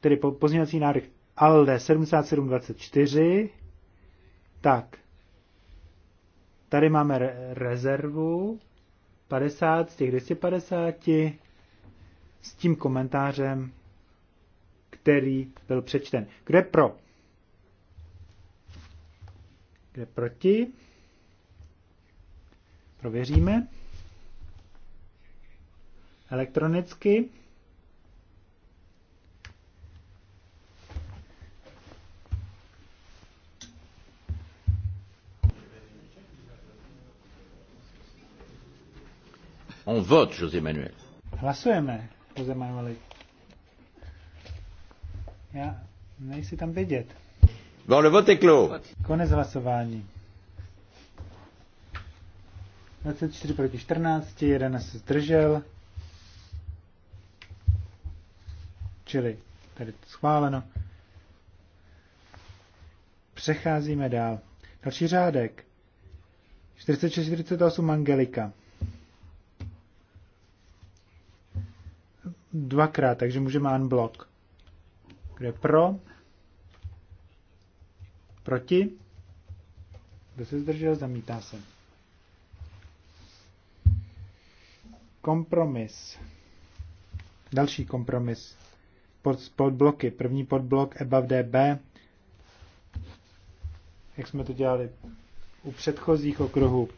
tedy pozměňovací návrh ALDE 7724, tak tady máme re- rezervu 50 z těch 250 s tím komentářem, který byl přečten. Kde pro? Kde proti? Prověříme. Elektronicky. On vote, José Manuel. Hlasujeme, José Manueli. Já nejsi tam vidět. Bon, le vote est clos. Konec hlasování. 24 proti 14, jeden se zdržel. Čili tady to schváleno. Přecházíme dál. Další řádek. 46-48 Angelika. Dvakrát, takže můžeme unblock. Kdo je pro? Proti? Kdo se zdržel? Zamítá se. Kompromis. Další kompromis. Pod, podbloky. První podblok above DB. Jak jsme to dělali u předchozích okruhů.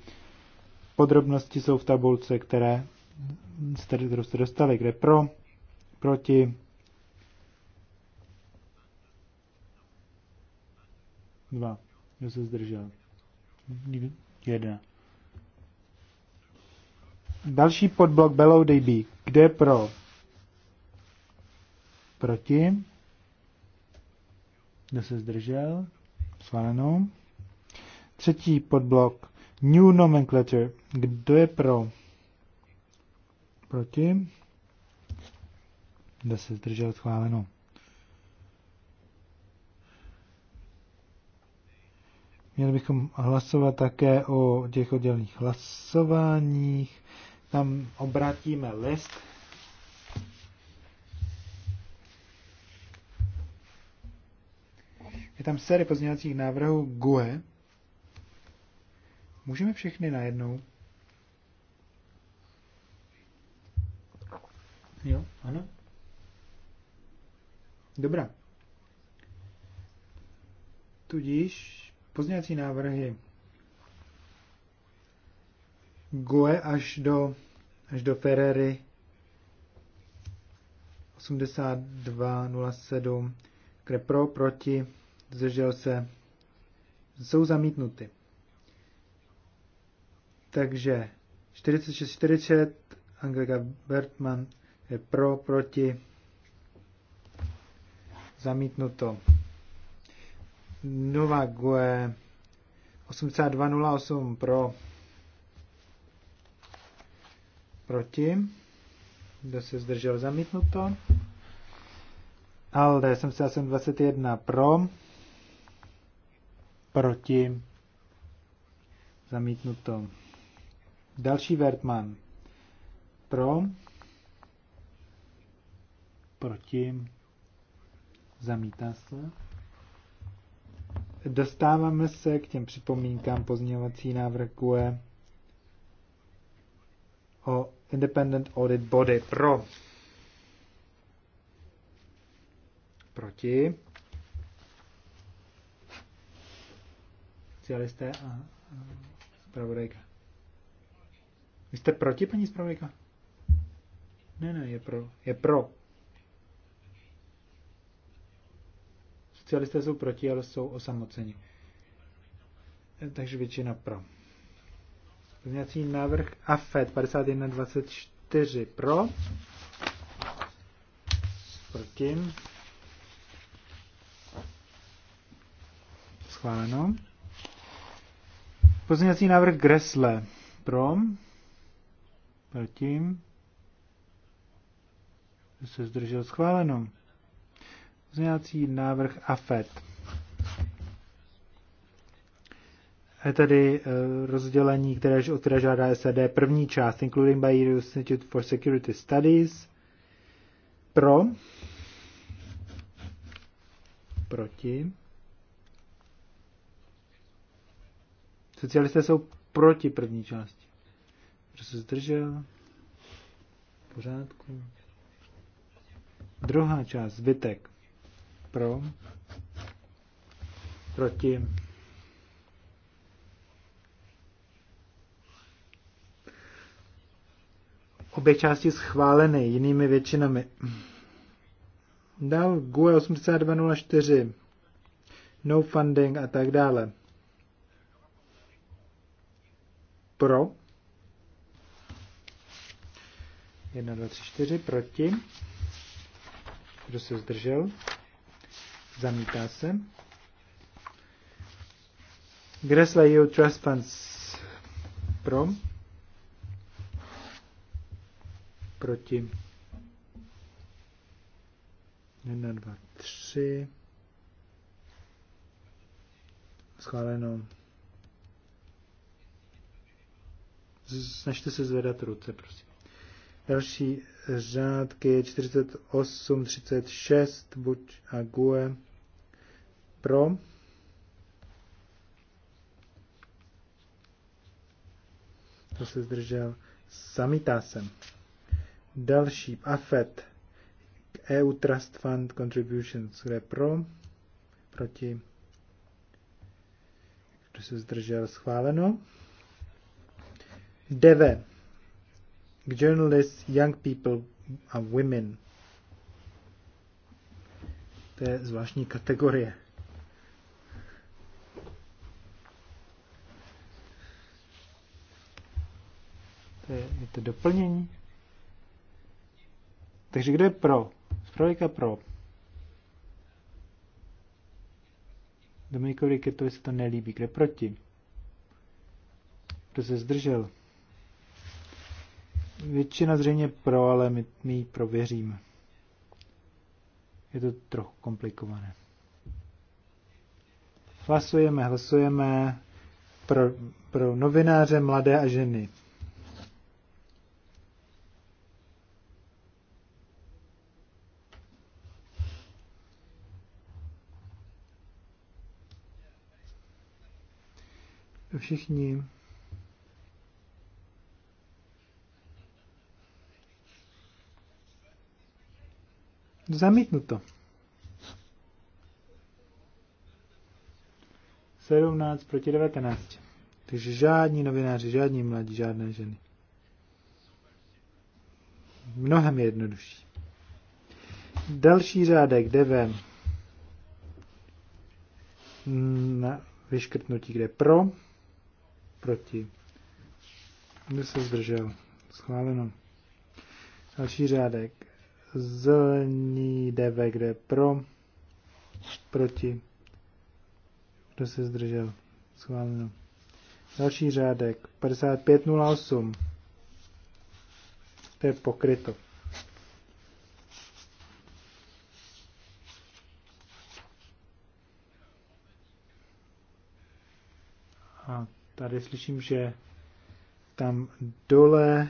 Podrobnosti jsou v tabulce, které jste dostali, kde pro, proti, Dva. Kdo se zdržel? Jedna. Další podblok Below DB. Kde pro? Proti. Kdo se zdržel? Schváleno. Třetí podblok New Nomenclature. Kdo je pro? Proti. Kdo se zdržel? Schváleno. Měli bychom hlasovat také o těch oddělených hlasováních. Tam obrátíme list. Je tam série pozměňovacích návrhů GUE. Můžeme všechny najednou? Jo, ano. Dobrá. Tudíž Pozměňovací návrhy Goe až do, až do Ferrari 82.07, kde pro, proti, zdržel se, jsou zamítnuty. Takže 46.40, Angelika Bertman je pro, proti, zamítnuto. Nova Goe 8208 pro proti. Kdo se zdržel zamítnuto? Alde 7721 pro proti zamítnuto. Další Wertmann. pro proti zamítá se. Dostáváme se k těm připomínkám pozměňovací návrh QE o Independent Audit Body pro. Proti. Socialisté a, a zpravodajka. Vy jste proti, paní zpravodajka? Ne, ne, je pro. Je pro. Socialisté jsou proti, ale jsou osamoceni. Eh, takže většina pro. Pozměňovací návrh AFED 5124 pro. Proti. Schváleno. Pozměňovací návrh Gresle pro. Proti. Se zdržel schváleno. Pozměňovací návrh AFET. Je tedy e, rozdělení, které, o které žádá SED. První část, including by Institute for Security Studies. Pro. Proti. Socialisté jsou proti první části. Kdo se zdržel? V pořádku. Druhá část, zbytek. Pro. Proti. Obě části schváleny jinými většinami. Dal GUE 8204, no funding a tak dále. Pro. 1, 2, 3, 4, proti. Kdo se zdržel? zamítá se. Gresla je Trust pro, proti 1, 2, 3, schváleno. Snažte se zvedat ruce, prosím. Další řádky 48, 36, buď a GUE pro, to se zdržel, zamítá se. Další, AFET, EU Trust Fund Contributions, kde pro, proti, kdo se zdržel, schváleno. DV, Journalists, Young People a Women. To je zvláštní kategorie. je to doplnění. Takže kdo je pro? Zpravodajka pro. Dominikovi Ketovi se to nelíbí. Kdo je proti? Kdo se zdržel? Většina zřejmě pro, ale my, my ji prověříme. Je to trochu komplikované. Hlasujeme, hlasujeme pro, pro novináře, mladé a ženy. všichni. Zamítnuto. 17 proti 19. Takže žádní novináři, žádní mladí, žádné ženy. Mnohem jednodušší. Další řádek, DV. Na vyškrtnutí, kde pro, proti, kdo se zdržel, schváleno. Další řádek, zelení DV, kde pro, proti, kdo se zdržel, schváleno. Další řádek, 5508, to je pokryto. Tady slyším, že tam dole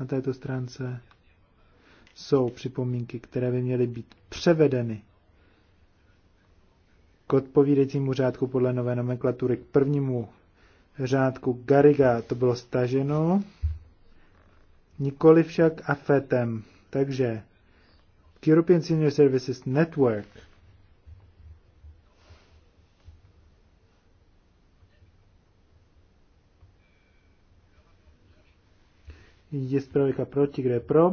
na této stránce jsou připomínky, které by měly být převedeny k odpovídajícímu řádku podle nové nomenklatury k prvnímu řádku Gariga to bylo staženo, nikoli však AFETem. Takže European Senior Services Network je zpravodajka proti, kde je pro?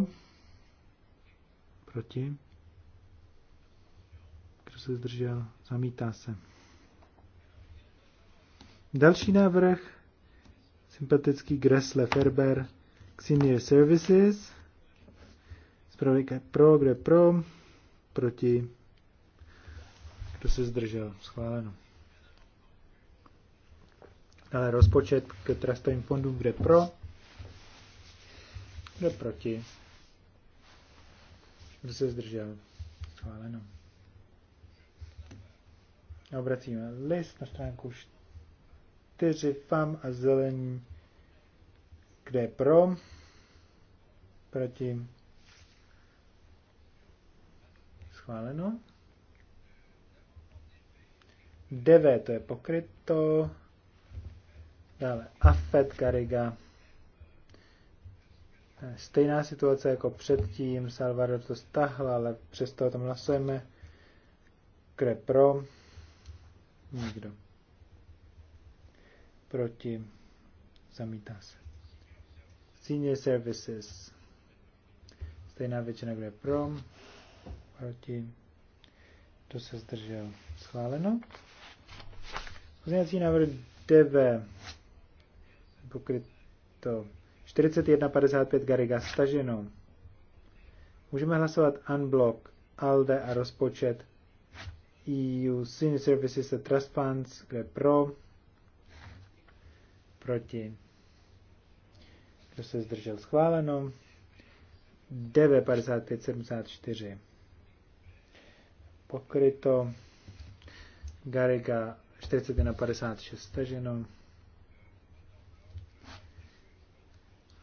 Proti. Kdo se zdržel? Zamítá se. Další návrh. Sympatický Gressle Ferber Senior Services. Zpravodajka je pro, kde je pro? Proti. Kdo se zdržel? Schváleno. Dále rozpočet k trustovým fondům, kde pro? Kdo proti? Kdo se zdržel? Schváleno. A obracíme list na stránku 4 FAM a zelení. Kde je pro? Proti? Schváleno. 9 to je pokryto. Dále Afet Kariga stejná situace jako předtím. Salvador to stahl, ale přesto tam hlasujeme. Kre pro. Nikdo. Proti. Zamítá se. Senior Services. Stejná většina, kde je pro. Proti. to se zdržel? Schváleno. Pozměňovací návrh DV. to 41.55 Gariga staženo. Můžeme hlasovat unblock, ALDE a rozpočet EU Senior Services a Trust Funds, kde pro, proti, kdo se zdržel schváleno, 9.55.74 pokryto, Gariga 41.56 staženo.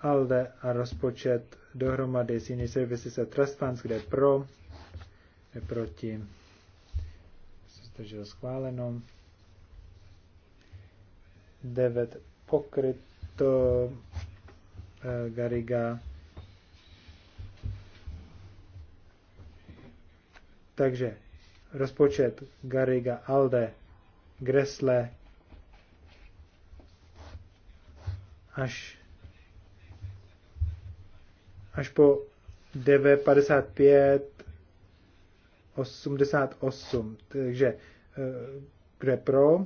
ALDE a rozpočet dohromady s jiný servisy se trust funds, kde pro, kde proti, se zdržel schváleno, 9 pokryto, eh, Gariga, takže rozpočet Gariga, Alde, Gresle, až až po 955 88. Takže eh, kde pro?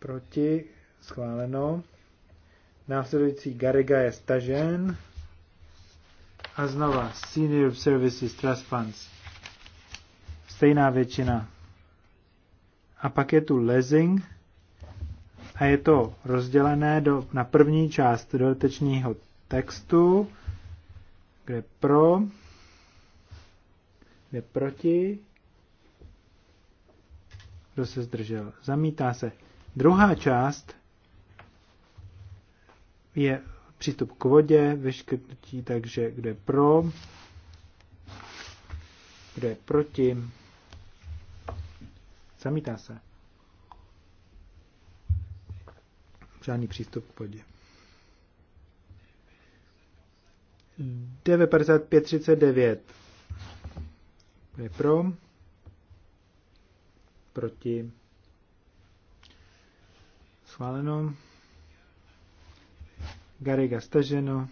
Proti? Schváleno. Následující Gariga je stažen. A znova Senior Services Trust Funds. Stejná většina. A pak je tu Lezing a je to rozdělené do, na první část dodatečního textu, kde pro, kde proti, kdo se zdržel, zamítá se. Druhá část je přístup k vodě, vyškrtnutí, takže kde pro, kde proti, zamítá se. žádný přístup k vodě. 95539 je pro, proti, schváleno, Gariga staženo,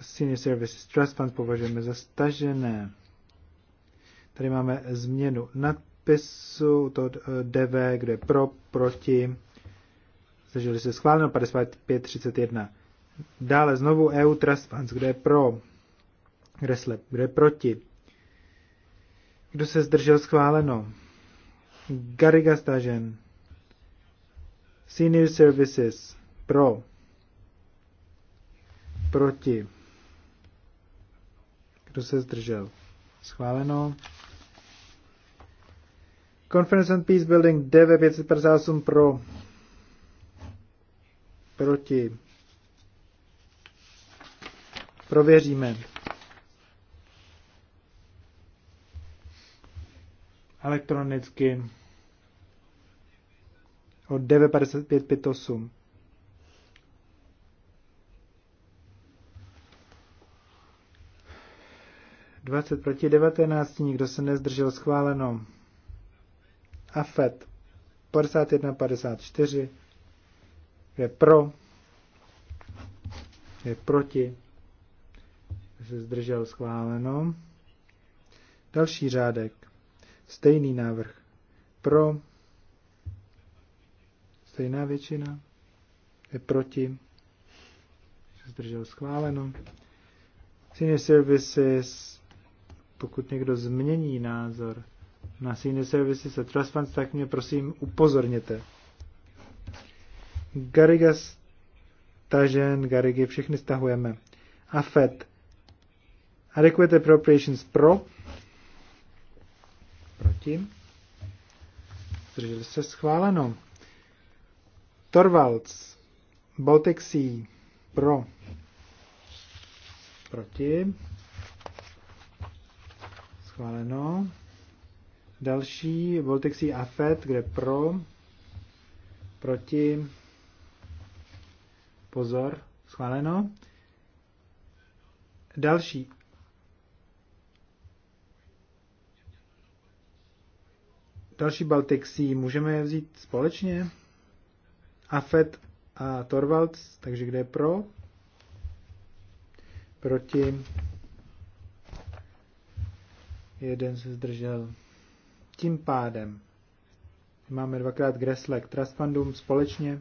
Senior Services Trust Fund považujeme za stažené. Tady máme změnu nadpisu, to eh, DV, kde pro, proti, zdrželi se schváleno 55.31. Dále znovu EU Trust Funds, kde je pro, Gressle, kde je proti. Kdo se zdržel schváleno? Gariga stažen. Senior Services pro. Proti. Kdo se zdržel? Schváleno. Conference on Peace Building dv pro proti. Prověříme. Elektronicky od 95558. 20 proti 19, nikdo se nezdržel schváleno. AFET 5154 je pro, je proti, se zdržel schváleno. Další řádek, stejný návrh, pro, stejná většina, je proti, se zdržel schváleno. Senior Services, pokud někdo změní názor na Senior Services a Trust Funds, tak mě prosím upozorněte. Gariga stažen, Garigy všechny stahujeme. AFET. Adequate appropriations pro. Proti. Zdrželi se schváleno. Torvalds. Baltic Sea. Pro. Proti. Schváleno. Další Baltic Sea Afet, kde pro. Proti Pozor, schváleno. Další. Další Baltic Sea, můžeme je vzít společně? Afet a Torvalds, takže kde je pro? Proti. Jeden se zdržel. Tím pádem máme dvakrát Greslek Trust Fundum společně.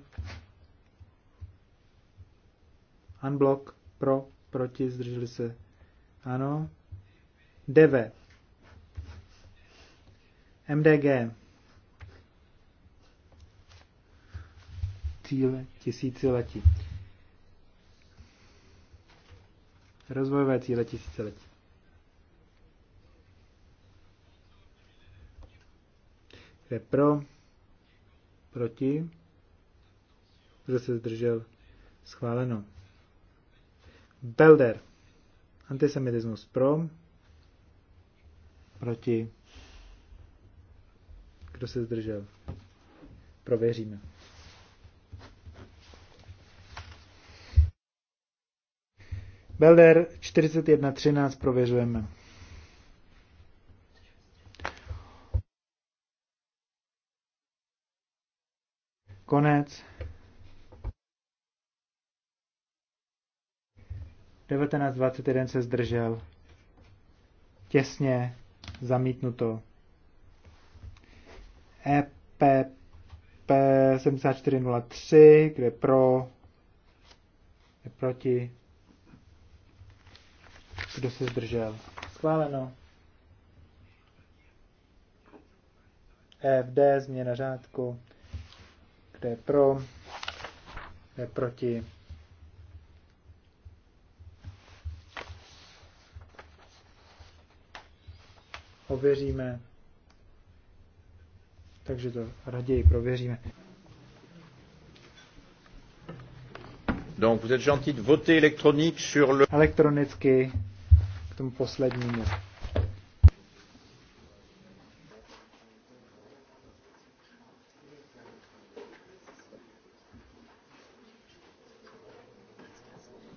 Unblock pro, proti, zdrželi se. Ano. DV. MDG. Cíle tisíciletí. Rozvojové cíle tisíciletí. Kde pro, proti, že se zdržel, schváleno. Belder. Antisemitismus pro. Proti. Kdo se zdržel? Prověříme. Belder 41.13 prověřujeme. Konec. 1921 se zdržel. Těsně zamítnuto. EPP 7403, kde pro, kde proti, kdo se zdržel. Schváleno. E FD, změna řádku, kde pro, kde proti ověříme. Takže to raději prověříme. Donc vous êtes gentil de voter électronique sur le... Elektronicky k tomu poslednímu.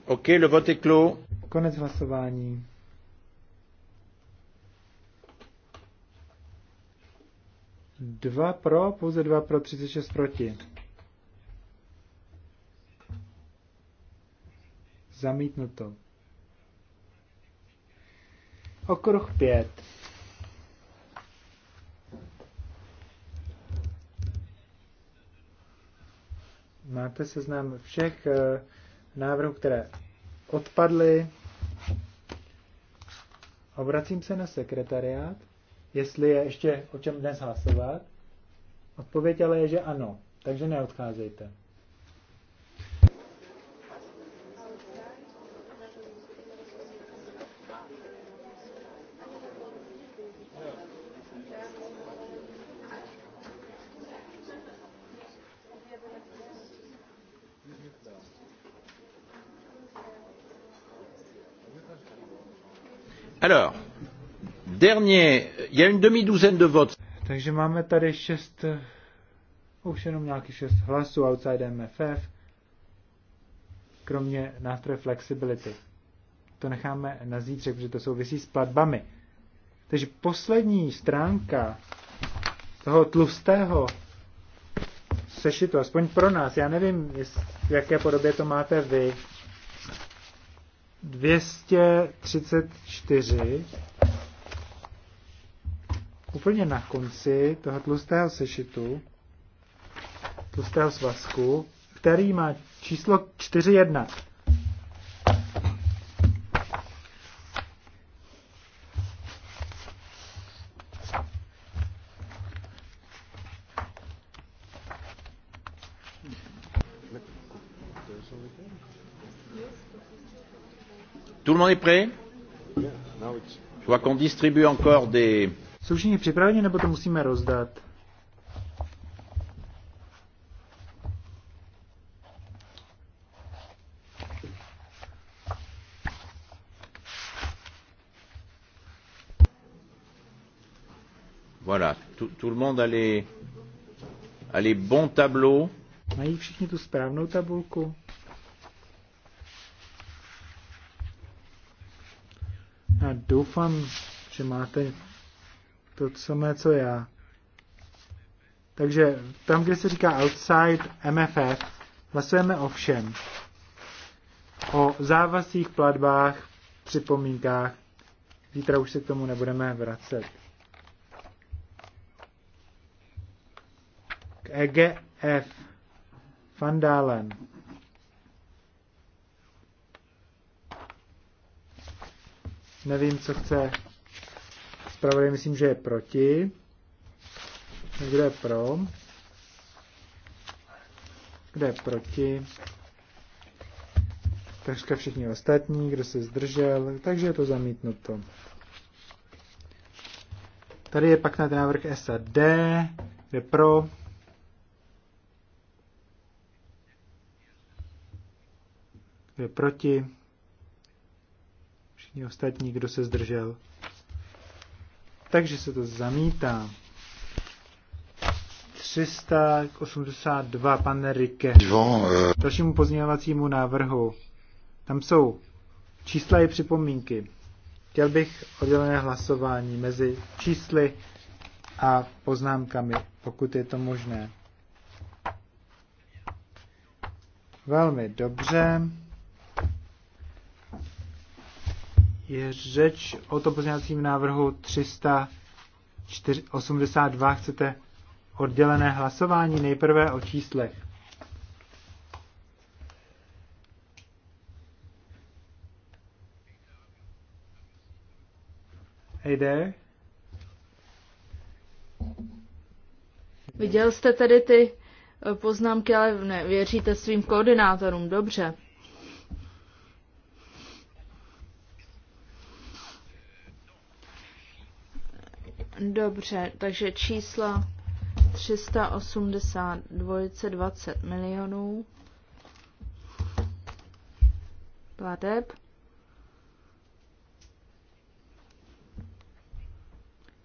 OK, le vote est clos. Konec hlasování. 2 pro, pouze 2 pro, 36 proti. Zamítnuto. Okruh 5. Máte seznam všech eh, návrhů, které odpadly. Obracím se na sekretariát jestli je ještě o čem dnes hlasovat. Odpověď ale je, že ano, takže neodcházejte. Alors, dernier, il y a une demi-douzaine de votes. Takže máme tady šest, eh, už jenom nějaký šest hlasů outside MFF, kromě nástroje flexibility. To necháme na zítřek, protože to souvisí s platbami. Takže poslední stránka toho tlustého sešitu, aspoň pro nás, já nevím, v jaké podobě to máte vy, 234 úplně na konci toho tlustého sešitu, tlustého svazku, který má číslo 4.1. Tout le monde est prêt Je vois qu'on distribue encore des... Jsou všichni připraveni, nebo to musíme rozdat? Voilà, tout, tout le monde a les, a les bons tableaux. Mají všichni tu správnou tabulku? Já doufám, že máte to samé, co já. Takže tam, kde se říká outside MFF, hlasujeme o všem. O závazcích, platbách, připomínkách. Zítra už se k tomu nebudeme vracet. K EGF. Fandálen. Nevím, co chce zpravodaj myslím, že je proti. Kdo je pro? Kdo je proti? Takže všichni ostatní, kdo se zdržel, takže je to zamítnuto. Tady je pak na ten návrh SAD, kde pro, Kde je proti, všichni ostatní, kdo se zdržel takže se to zamítá. 382, pan Rike. Eh. Dalšímu pozměňovacímu návrhu. Tam jsou čísla i připomínky. Chtěl bych oddělené hlasování mezi čísly a poznámkami, pokud je to možné. Velmi dobře. je řeč o to pozměňovacím návrhu 382. Chcete oddělené hlasování nejprve o číslech. Hey there. Viděl jste tedy ty eh, poznámky, ale nevěříte svým koordinátorům, dobře. Dobře, takže číslo 382 20 milionů plateb.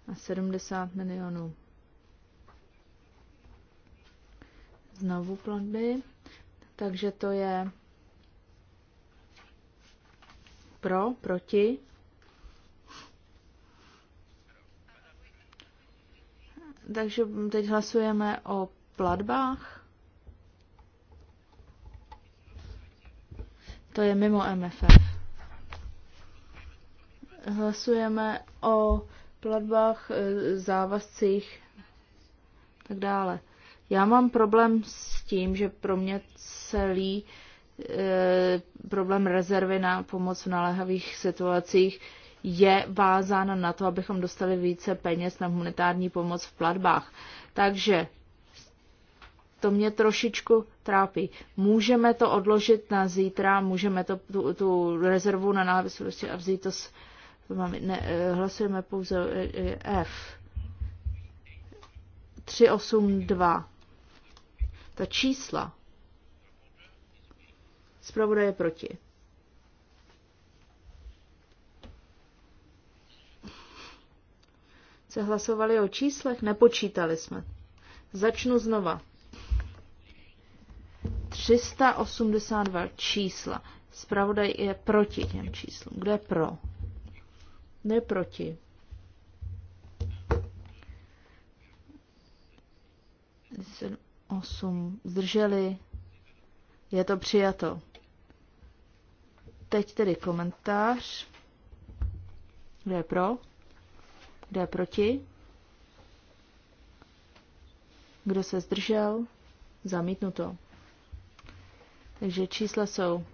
A 70 milionů. Znovu platby. Takže to je pro, proti. Takže teď hlasujeme o platbách. To je mimo MFF. Hlasujeme o platbách, e, závazcích tak dále. Já mám problém s tím, že pro mě celý e, problém rezervy na pomoc v naléhavých situacích je vázána na to, abychom dostali více peněz na humanitární pomoc v platbách. Takže to mě trošičku trápí. Můžeme to odložit na zítra, můžeme to, tu, tu rezervu na návislosti prostě a vzít to s, máme, ne, eh, hlasujeme pouze eh, eh, F. 382. Ta čísla. Zpravodaj je proti. se hlasovali o číslech, nepočítali jsme. Začnu znova. 382 čísla. Spravodaj je proti těm číslům. Kde je pro? Ne proti? Osm. Zdrželi. Je to přijato. Teď tedy komentář. Kde je pro? Kdo je proti? Kdo se zdržel? Zamítnuto. Takže čísla jsou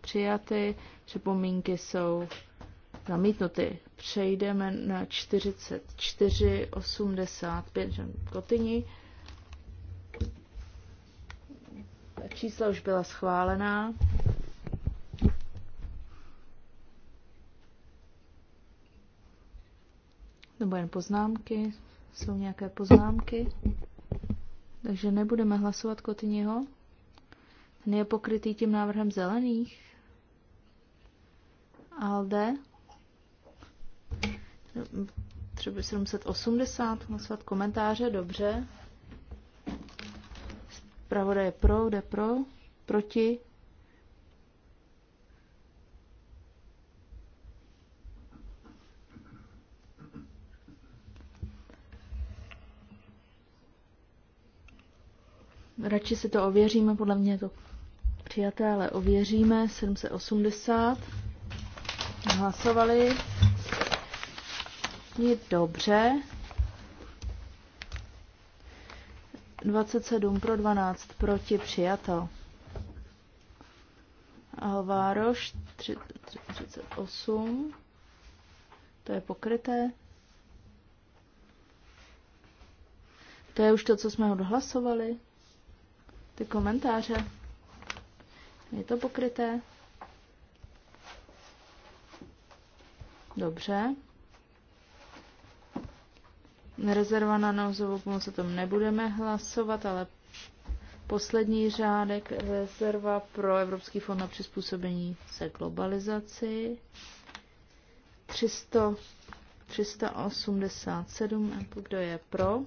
přijaty, připomínky jsou zamítnuty. Přejdeme na 4485. kotyní. Ta čísla už byla schválená. Nebo jen poznámky? Jsou nějaké poznámky? Takže nebudeme hlasovat Kotyního. Ten je pokrytý tím návrhem zelených. Alde. Třeba 780 hlasovat komentáře, dobře. Pravoda je pro, jde pro, proti, radši si to ověříme, podle mě je to přijaté, ale ověříme. 780 hlasovali. Je dobře. 27 pro 12 proti přijato. Alvaro 38. To je pokryté. To je už to, co jsme odhlasovali ty komentáře. Je to pokryté? Dobře. Nerezervovaná nouzovou pomoc o tom nebudeme hlasovat, ale poslední řádek rezerva pro Evropský fond na přizpůsobení se globalizaci. 300, 387, kdo je pro?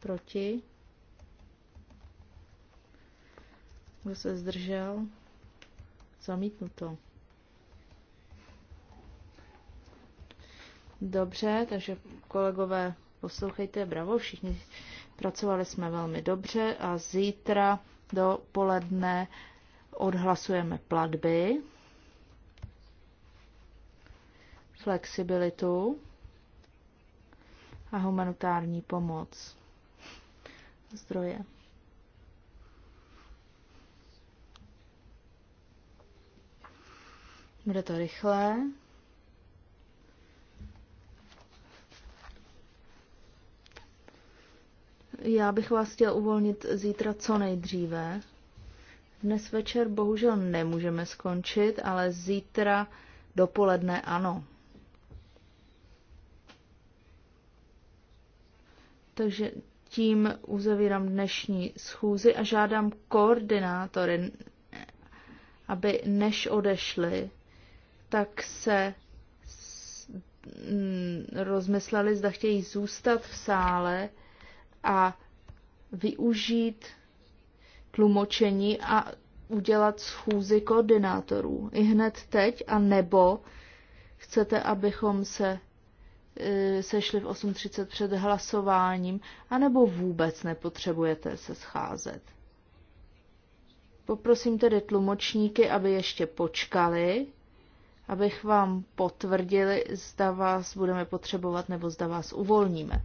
Proti? Kdo se zdržel? Zamítnuto. Dobře, takže kolegové, poslouchejte, bravo, všichni pracovali jsme velmi dobře a zítra do poledne odhlasujeme platby, flexibilitu a humanitární pomoc zdroje. Bude to rychlé. Já bych vás chtěl uvolnit zítra co nejdříve. Dnes večer bohužel nemůžeme skončit, ale zítra dopoledne ano. Takže tím uzavírám dnešní schůzi a žádám koordinátory, aby než odešli, tak se rozmysleli, zda chtějí zůstat v sále a využít tlumočení a udělat schůzi koordinátorů i hned teď, a nebo chcete, abychom se e, sešli v 8.30 před hlasováním, anebo vůbec nepotřebujete se scházet. Poprosím tedy tlumočníky, aby ještě počkali, abych vám potvrdili, zda vás budeme potřebovat nebo zda vás uvolníme.